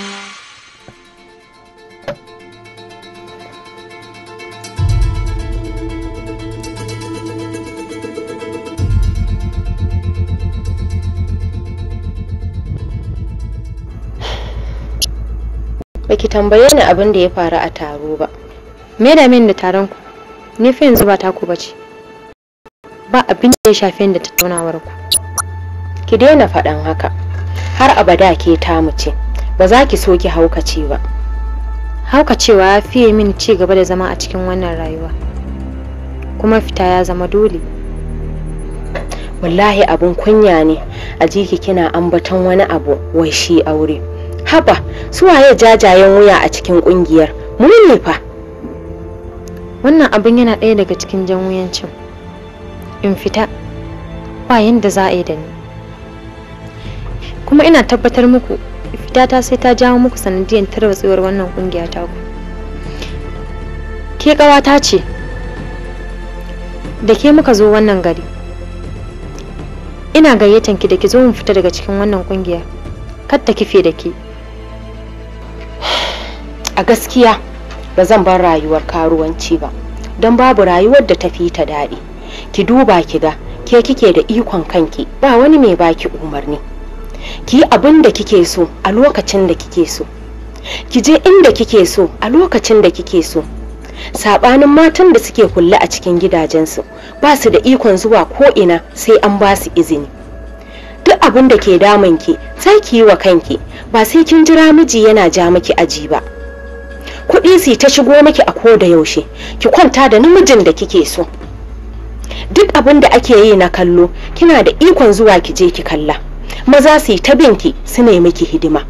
[SPEAKER 7] tambaye ni abin da ya faru a taro ba me da min da taron ku ni fa yanzu ba ku bace ba abin da ya shafe ni da tattaunawar ku ki daina faɗan haka har abada ke ta ce ba za ki so ki haukace ba haukacewa ya fiye min ci gaba da zama a cikin wannan rayuwa kuma fita ya zama dole wallahi abin kunya ne a jiki kina ambaton wani abu wai shi aure haba su waye jajayen wuya a cikin kungiyar mu ne fa wannan abin yana ɗaya daga cikin jan wuyancin in fita ba yanda za a yi da ni kuma ina tabbatar muku fita ta sai ta jawo muku sanadiyar tarwatsewar wannan kungiya ta ku ke ƙawata ce da ke muka zo wannan gari ina gayyatan ki da ki zo mu fita daga cikin wannan kungiya kar ta kife da ke a gaskiya ba zan bar rayuwar karuwanci ba don babu rayuwar da tafi ta daɗi ki duba ki ga ke kike da ikon kanki ba wani mai baki umarni ki yi abin da kike so a lokacin da kike so ki je inda kike so a lokacin da kike so sabanin matan da suke kulle a cikin gidajensu ba su da ikon zuwa ko ina sai an ba su izini duk abin da ke damun ki sai ki yi wa kanki ba sai kin jira miji yana ja miki aji ba kuɗi su ta shigo miki a ko da yaushe ki kwanta da namijin da kike so duk abin da ake yi na kallo kina da ikon zuwa ki je ki kalla maza su ta binki su ne miki hidima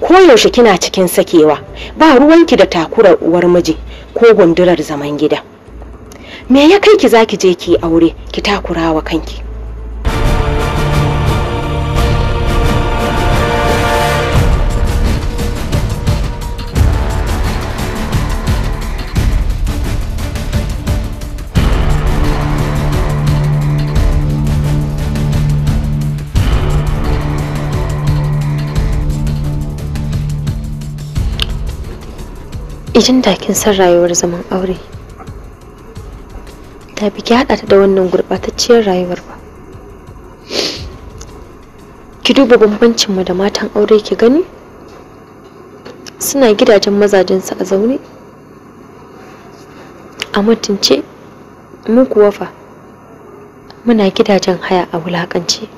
[SPEAKER 7] koyaushe kina cikin sakewa ba ruwanki da takurar uwar miji ko gundurar zaman gida me ya kai ki za ki je ki aure ki takura wa kanki idan da kin san rayuwar zaman aure da biki haɗa ta da wannan gurɓatacciyar rayuwar ba ki duba bambancinmu da matan aure ki gani suna gidajen mazajensu a zaune a mutunce mu kuwa fa muna gidajen haya a wulakance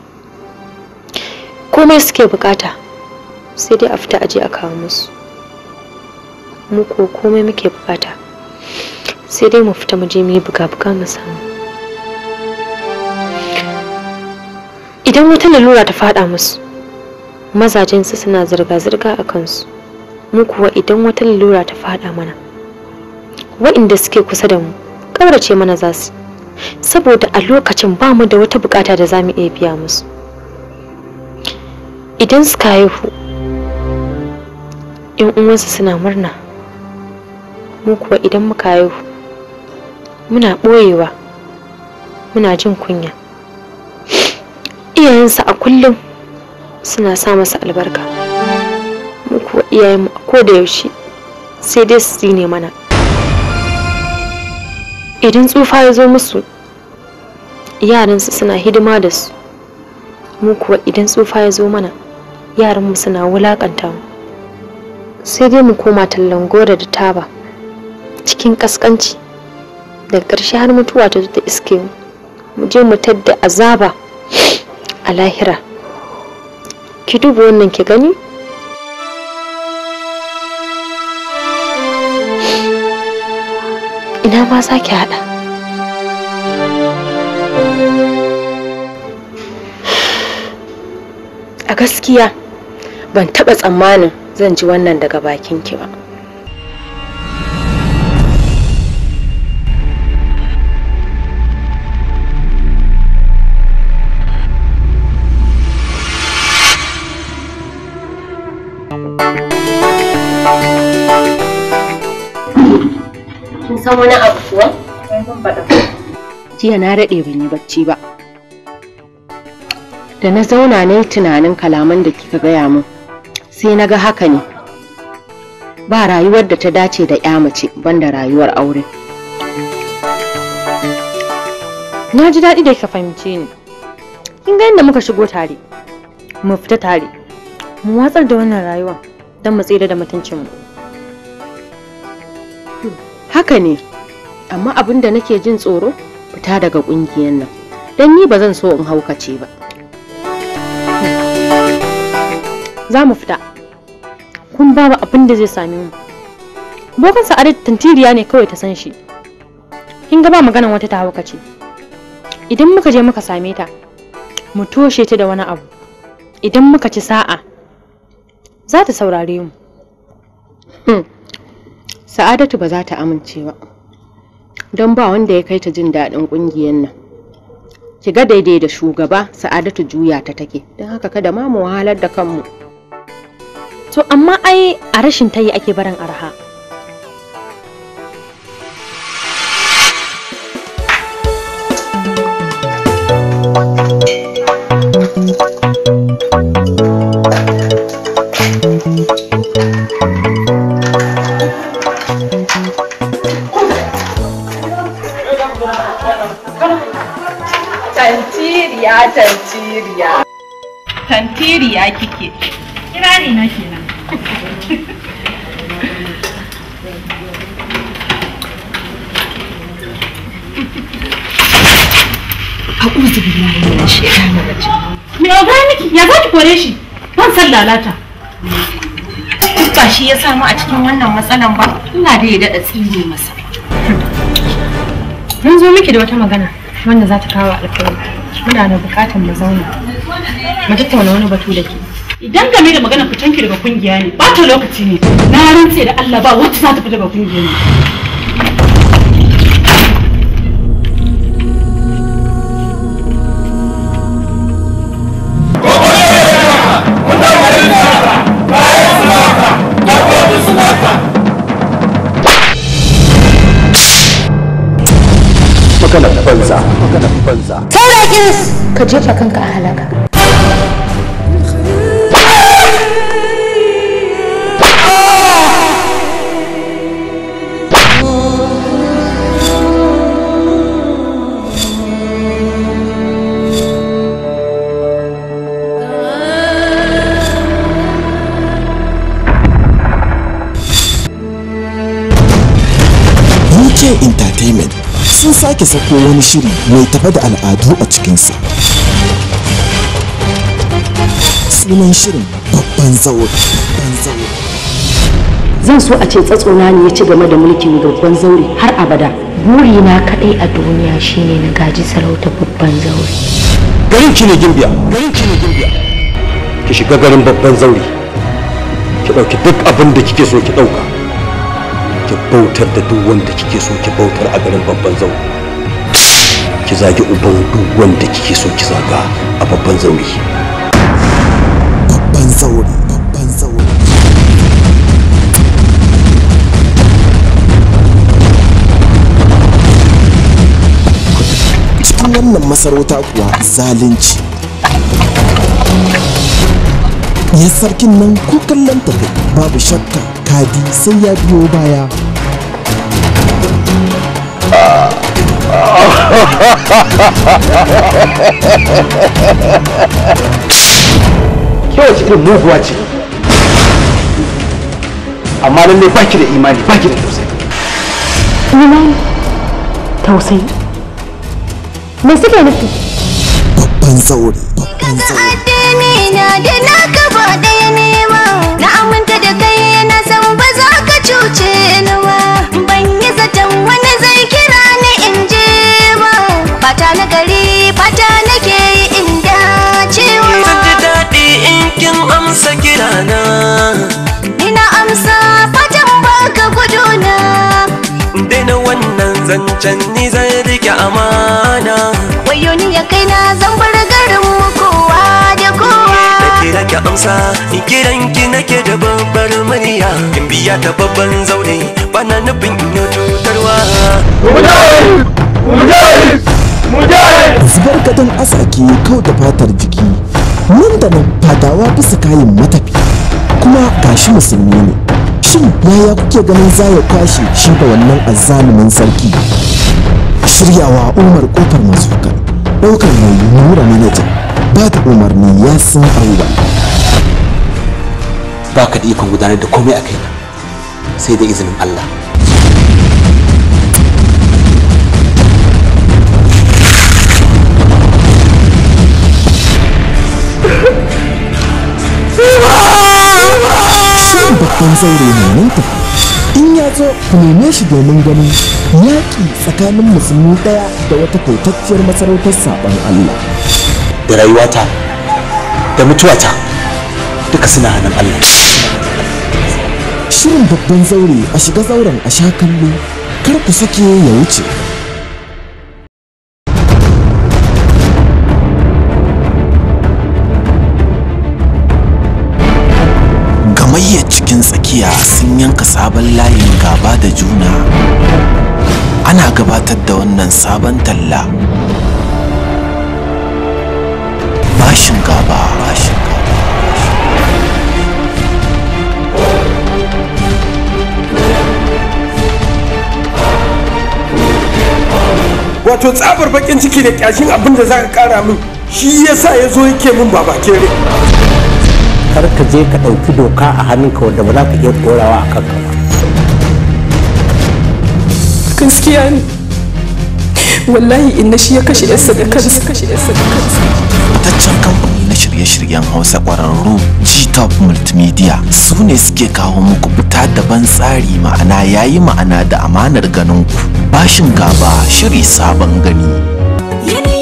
[SPEAKER 7] komai suke bukata sai dai a fita aje a kawo musu mu ko komai muke bukata sai dai mu fita mu je mu yi buga-buga mu samu idan wata lalura ta fada musu mazajen su suna zirga-zirga a kansu mu kuwa idan wata lalura ta fada mana wa'inda suke kusa da mu ƙaurace mana za su saboda a lokacin ba mu da wata bukata da za mu iya biya musu idan suka haihu 'yan uwansu suna murna mu kuwa idan muka haihu muna ɓoyewa muna jin kunya iyayensa a kullum suna sa masa albarka mu kuwa iyayenmu a koda yaushe sai dai su ne mana idan tsufa ya zo musu yaransu suna hidima da su mu kuwa idan tsufa ya zo mana yaranmu suna wulaƙanta. mu sai dai mu koma tallan gora da taba cikin kaskanci daga ƙarshe har mutuwa ta zo ta iske mu mu je mu tadda azaba a lahira ki duba wannan ki gani ina ma za ki haɗa a gaskiya ban taɓa tsammanin zan ji wannan daga bakin ki ba san wani abu kuwa? Jiya na daɗe ban yi bacci ba. Da na zauna na yi tunanin kalaman da kika gaya min, sai na ga haka ne. Ba rayuwar da ta dace da ya mace banda rayuwar aure. Na ji daɗi da ka fahimce ni. Kin ga yadda muka shigo tare, mu fita tare, mu watsar da wannan rayuwa don mu tsira da mutuncinmu. haka ne amma abin da nake jin tsoro fita daga ƙungiyar nan don ni ba zan so in haukace ba za mu fita kun babu abin da zai same mu bokan sa'adat tantiriya ne kawai ta san shi kin ga ba maganan wata ta haukace idan muka je muka same ta mu toshe ta da wani abu idan muka ci sa'a za ta saurare mu hmm. Sa'adatu ba za ta amince ba. Don ba wanda ya kai ta jin daɗin ƙungiyar nan. Ki ga daidai da shugaba Sa'adatu juya ta take. Don haka kada ma mu wahalar da kanmu. To amma ai a rashin tayi ake barin arha. tantiriya tantiriya tantiriya kike ne na kenan A'udhu billahi minash shaitani rajim. Me oga miki? Ya zaki kore shi? Ban san lalata. Ba shi ya samu a cikin wannan matsalan ba. Ina da ya daɗa tsine masa. Mun zo miki da wata magana wanda za ta kawo alkhairi. muna da bukatar mu zauna mu tattauna wani batu da ke idan game da maganar fitanki daga kungiya ne ba ta lokaci ne na rantse da Allah ba wacce za
[SPEAKER 5] ta fita daga kungiya ne
[SPEAKER 7] ka jefa kanka a halaka
[SPEAKER 1] sake sako wani shiri mai tafa da al'adu a cikinsa sunan
[SPEAKER 7] shirin babban zaure zan so a ce tsatsona ne ya ci game da mulkin babban zaure har abada burina kadai a duniya shine na gaji
[SPEAKER 3] sarauta babban zaure
[SPEAKER 5] garin ki ne gimbiya garin ki ne gimbiya ki shiga garin babban zaure ki dauki duk abin da kike so ki dauka ki bautar da duk wanda kike so ki bautar a garin babban zaure
[SPEAKER 1] ki zagi uban duk wanda kike so ki zaga a babban zauri babban zauri babban zauri cikin wannan masarauta kuwa zalunci ya sarkin nan ko kallon babu shakka kadi sai ya biyo baya
[SPEAKER 5] kyau cikin muguwa ce amma lalle baki da imani baki da tausayi
[SPEAKER 3] imani tausayi me suke nufi
[SPEAKER 1] babban tsauri babban
[SPEAKER 3] tsauri na
[SPEAKER 4] da
[SPEAKER 6] naka ba ɗaya ne ma na aminta da kai na san ba za ka cuce ni ba
[SPEAKER 8] na ina amsa fatan baka gudu na Dena wannan zancen ni zai rike amana
[SPEAKER 6] wayo ni ya kai na zan bar garin mu
[SPEAKER 8] kowa
[SPEAKER 6] da kowa
[SPEAKER 8] Nake nake amsa kiran ki nake da babbar murya in biya ta babban zaure bana nufin in yi tutarwa mujahid mujahid mujahid
[SPEAKER 1] zubar katon asaki kau da fatar jiki nan da nan fadawa bisa kayan matafi kuma ga shi musulmi ne shin yaya kuke ganin za ya kwashe shi da wannan azzalumin sarki shiryawa umar kofar mazuka ɗaukar mai nura manajan, ba ta umarni ya san auba ba ka da ikon gudanar da komai a kaina sai da izinin allah babban zaure mai ninka in ya zo ku neme shi domin ganin yaƙi tsakanin musulmi ɗaya da wata kautacciyar masarautar saɓon Allah. Da rayuwata da mutuwata duka suna hannun Allah. Shirin babban zaure a shiga zauren a sha kallo kar ku sake ya wuce. sun yanka sabon layin gaba da juna ana gabatar da wannan sabon talla
[SPEAKER 4] bashin gaba bashin
[SPEAKER 2] wato tsabar bakin ciki da kyashin abin da za ka kara min shi yasa ya zo yake min babake rai
[SPEAKER 1] kar ka je ka ɗauki doka a hannunka wanda ba za ka iya korawa a kanka ba
[SPEAKER 2] gaskiya ne wallahi inna shi ya kashe yarsa da kansa kashe
[SPEAKER 1] kamfani na shirye-shiryen hausa ƙwararru, g-top multimedia su ne suke kawo muku fita daban tsari ma'ana yayi ma'ana da amanar ganin ku bashin gaba shiri sabon
[SPEAKER 4] gani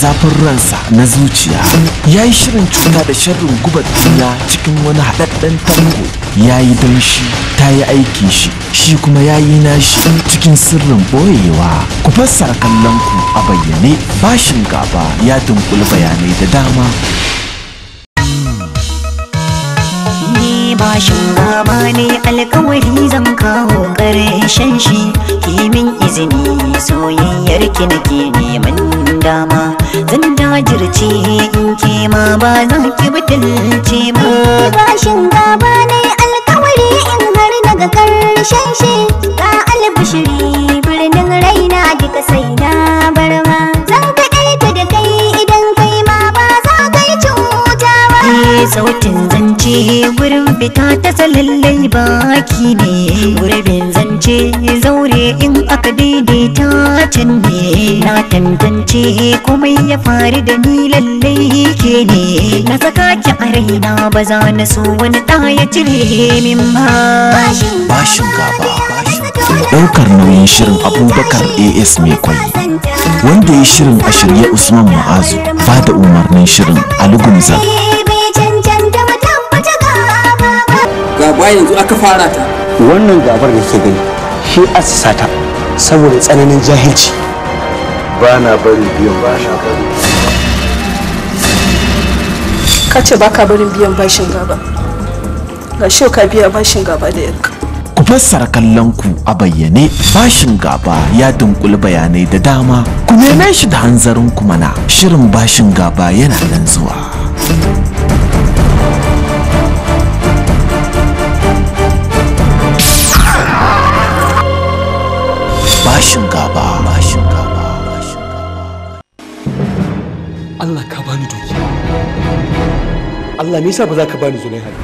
[SPEAKER 1] zafin ransa na zuciya ya yi shirin cuta da sharrin gubar duniya cikin wani haɗaɗɗen tango ya yi don shi ta yi aiki shi shi kuma ya yi nashi cikin sirrin boyewa ku fassara kallon ku a bayyane bashin gaba ya dunkuli bayanai da dama
[SPEAKER 3] bashin gaba ne alkawari zan kawo ƙarshen shi kimin izini soyayyar ki nake neman dama zan jajirce in ke ma ba za ki butulce ba gashin gaba ne alkawari in har daga karshen shi ga albishiri birnin raina duka sai na bar ma zan kaɗaita da kai idan kai ma ba za kai cuta ba eh, sautin zan ce gurbi fita ta salallai baki ne gurbin zance zaure in aka daidaita can ne na tantance komai ya faru da ni lallai ke ne na saka ki a raina ba za na so wani ɗa ya cire min
[SPEAKER 4] ba
[SPEAKER 1] bashin gaba ɗaukar nauyin shirin abubakar as mai kwai wanda ya shirin a shirye usman ma'azu ba da umarnin
[SPEAKER 4] shirin alugunza
[SPEAKER 1] yanzu aka fara ta wannan gabar da ke gani shi asisa ta saboda tsananin
[SPEAKER 6] jahilci ba na bari biyan bashin gaba
[SPEAKER 7] ka ce ba ka barin biyan bashin gaba ga shi ka biya
[SPEAKER 8] bashin gaba da yanka
[SPEAKER 1] ku fassara kallonku a bayyane bashin gaba ya dunkuli bayanai da dama ku neme shi da hanzarin ku mana shirin bashin gaba yana nan zuwa
[SPEAKER 5] Allah me yasa ba za ka bani hali.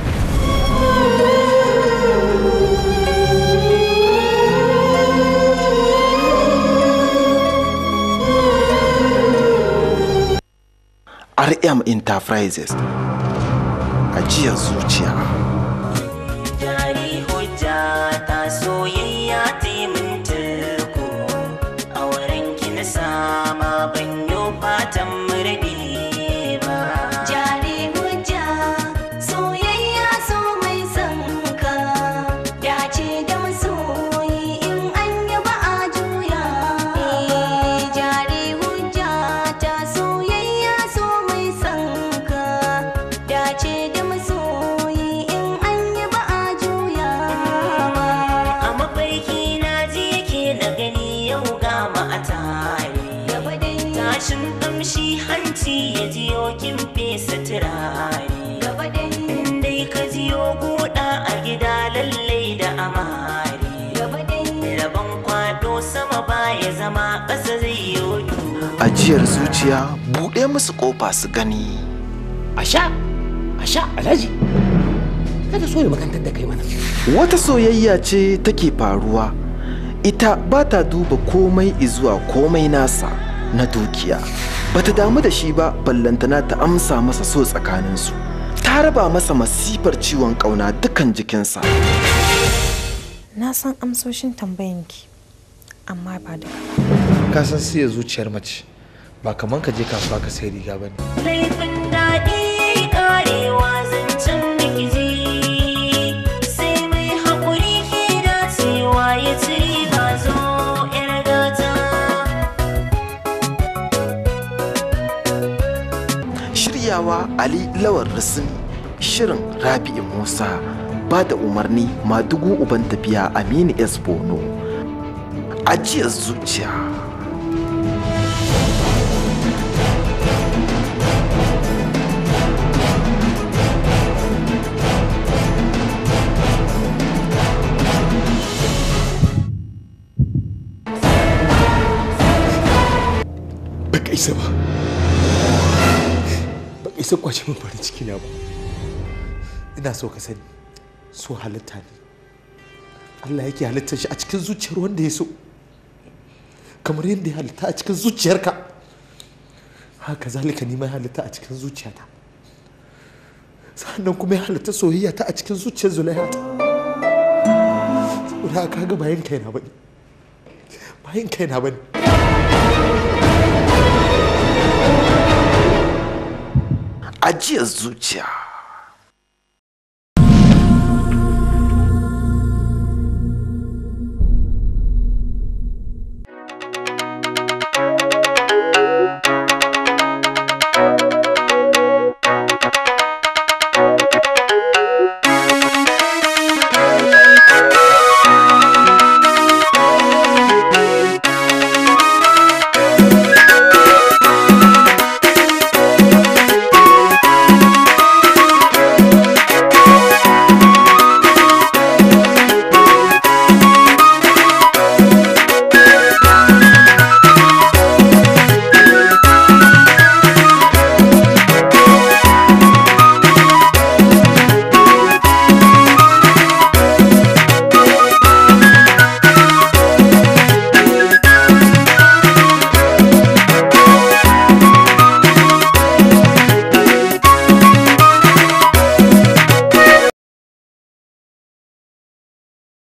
[SPEAKER 1] RM Enterprises ajiyar zuciya zuciyar zuciya buɗe musu ƙofa su gani
[SPEAKER 5] asha asha alhaji
[SPEAKER 8] kada so ne makantar da kai mana
[SPEAKER 1] wata soyayya ce take faruwa ita ba ta duba komai izuwa komai nasa na dukiya ba ta damu da shi ba ballantana ta amsa masa so tsakaninsu ta raba masa masifar ciwon ƙauna dukan jikinsa
[SPEAKER 7] na san amsoshin tambayanki amma ba duka
[SPEAKER 1] ka san siya zuciyar mace ba kamar ka je kasuwa ka sai riga ba ne.
[SPEAKER 7] Laifin
[SPEAKER 6] daɗi ƙarewa zancen da ji sai mai haƙuri ke dacewa ya ci ba zo ‘yar gata.
[SPEAKER 1] Shiryawa Ali Lawar Rasimi shirin Rabi'u Musa ba da umarni madugu uban tafiya Aminu S. Bono. Ajiyar zuciya. isa kwace min farin ciki na ba ina so ka sani so halitta ne Allah yake halittar shi a cikin zuciyar wanda ya so kamar yadda ya halitta a cikin zuciyarka haka zalika ni ma halitta a cikin zuciyata sannan kuma ya halitta soyayya ta a cikin zuciyar zulaiha ta
[SPEAKER 5] saboda haka ga bayan bani bane bayan na bane
[SPEAKER 1] ajiya zuciya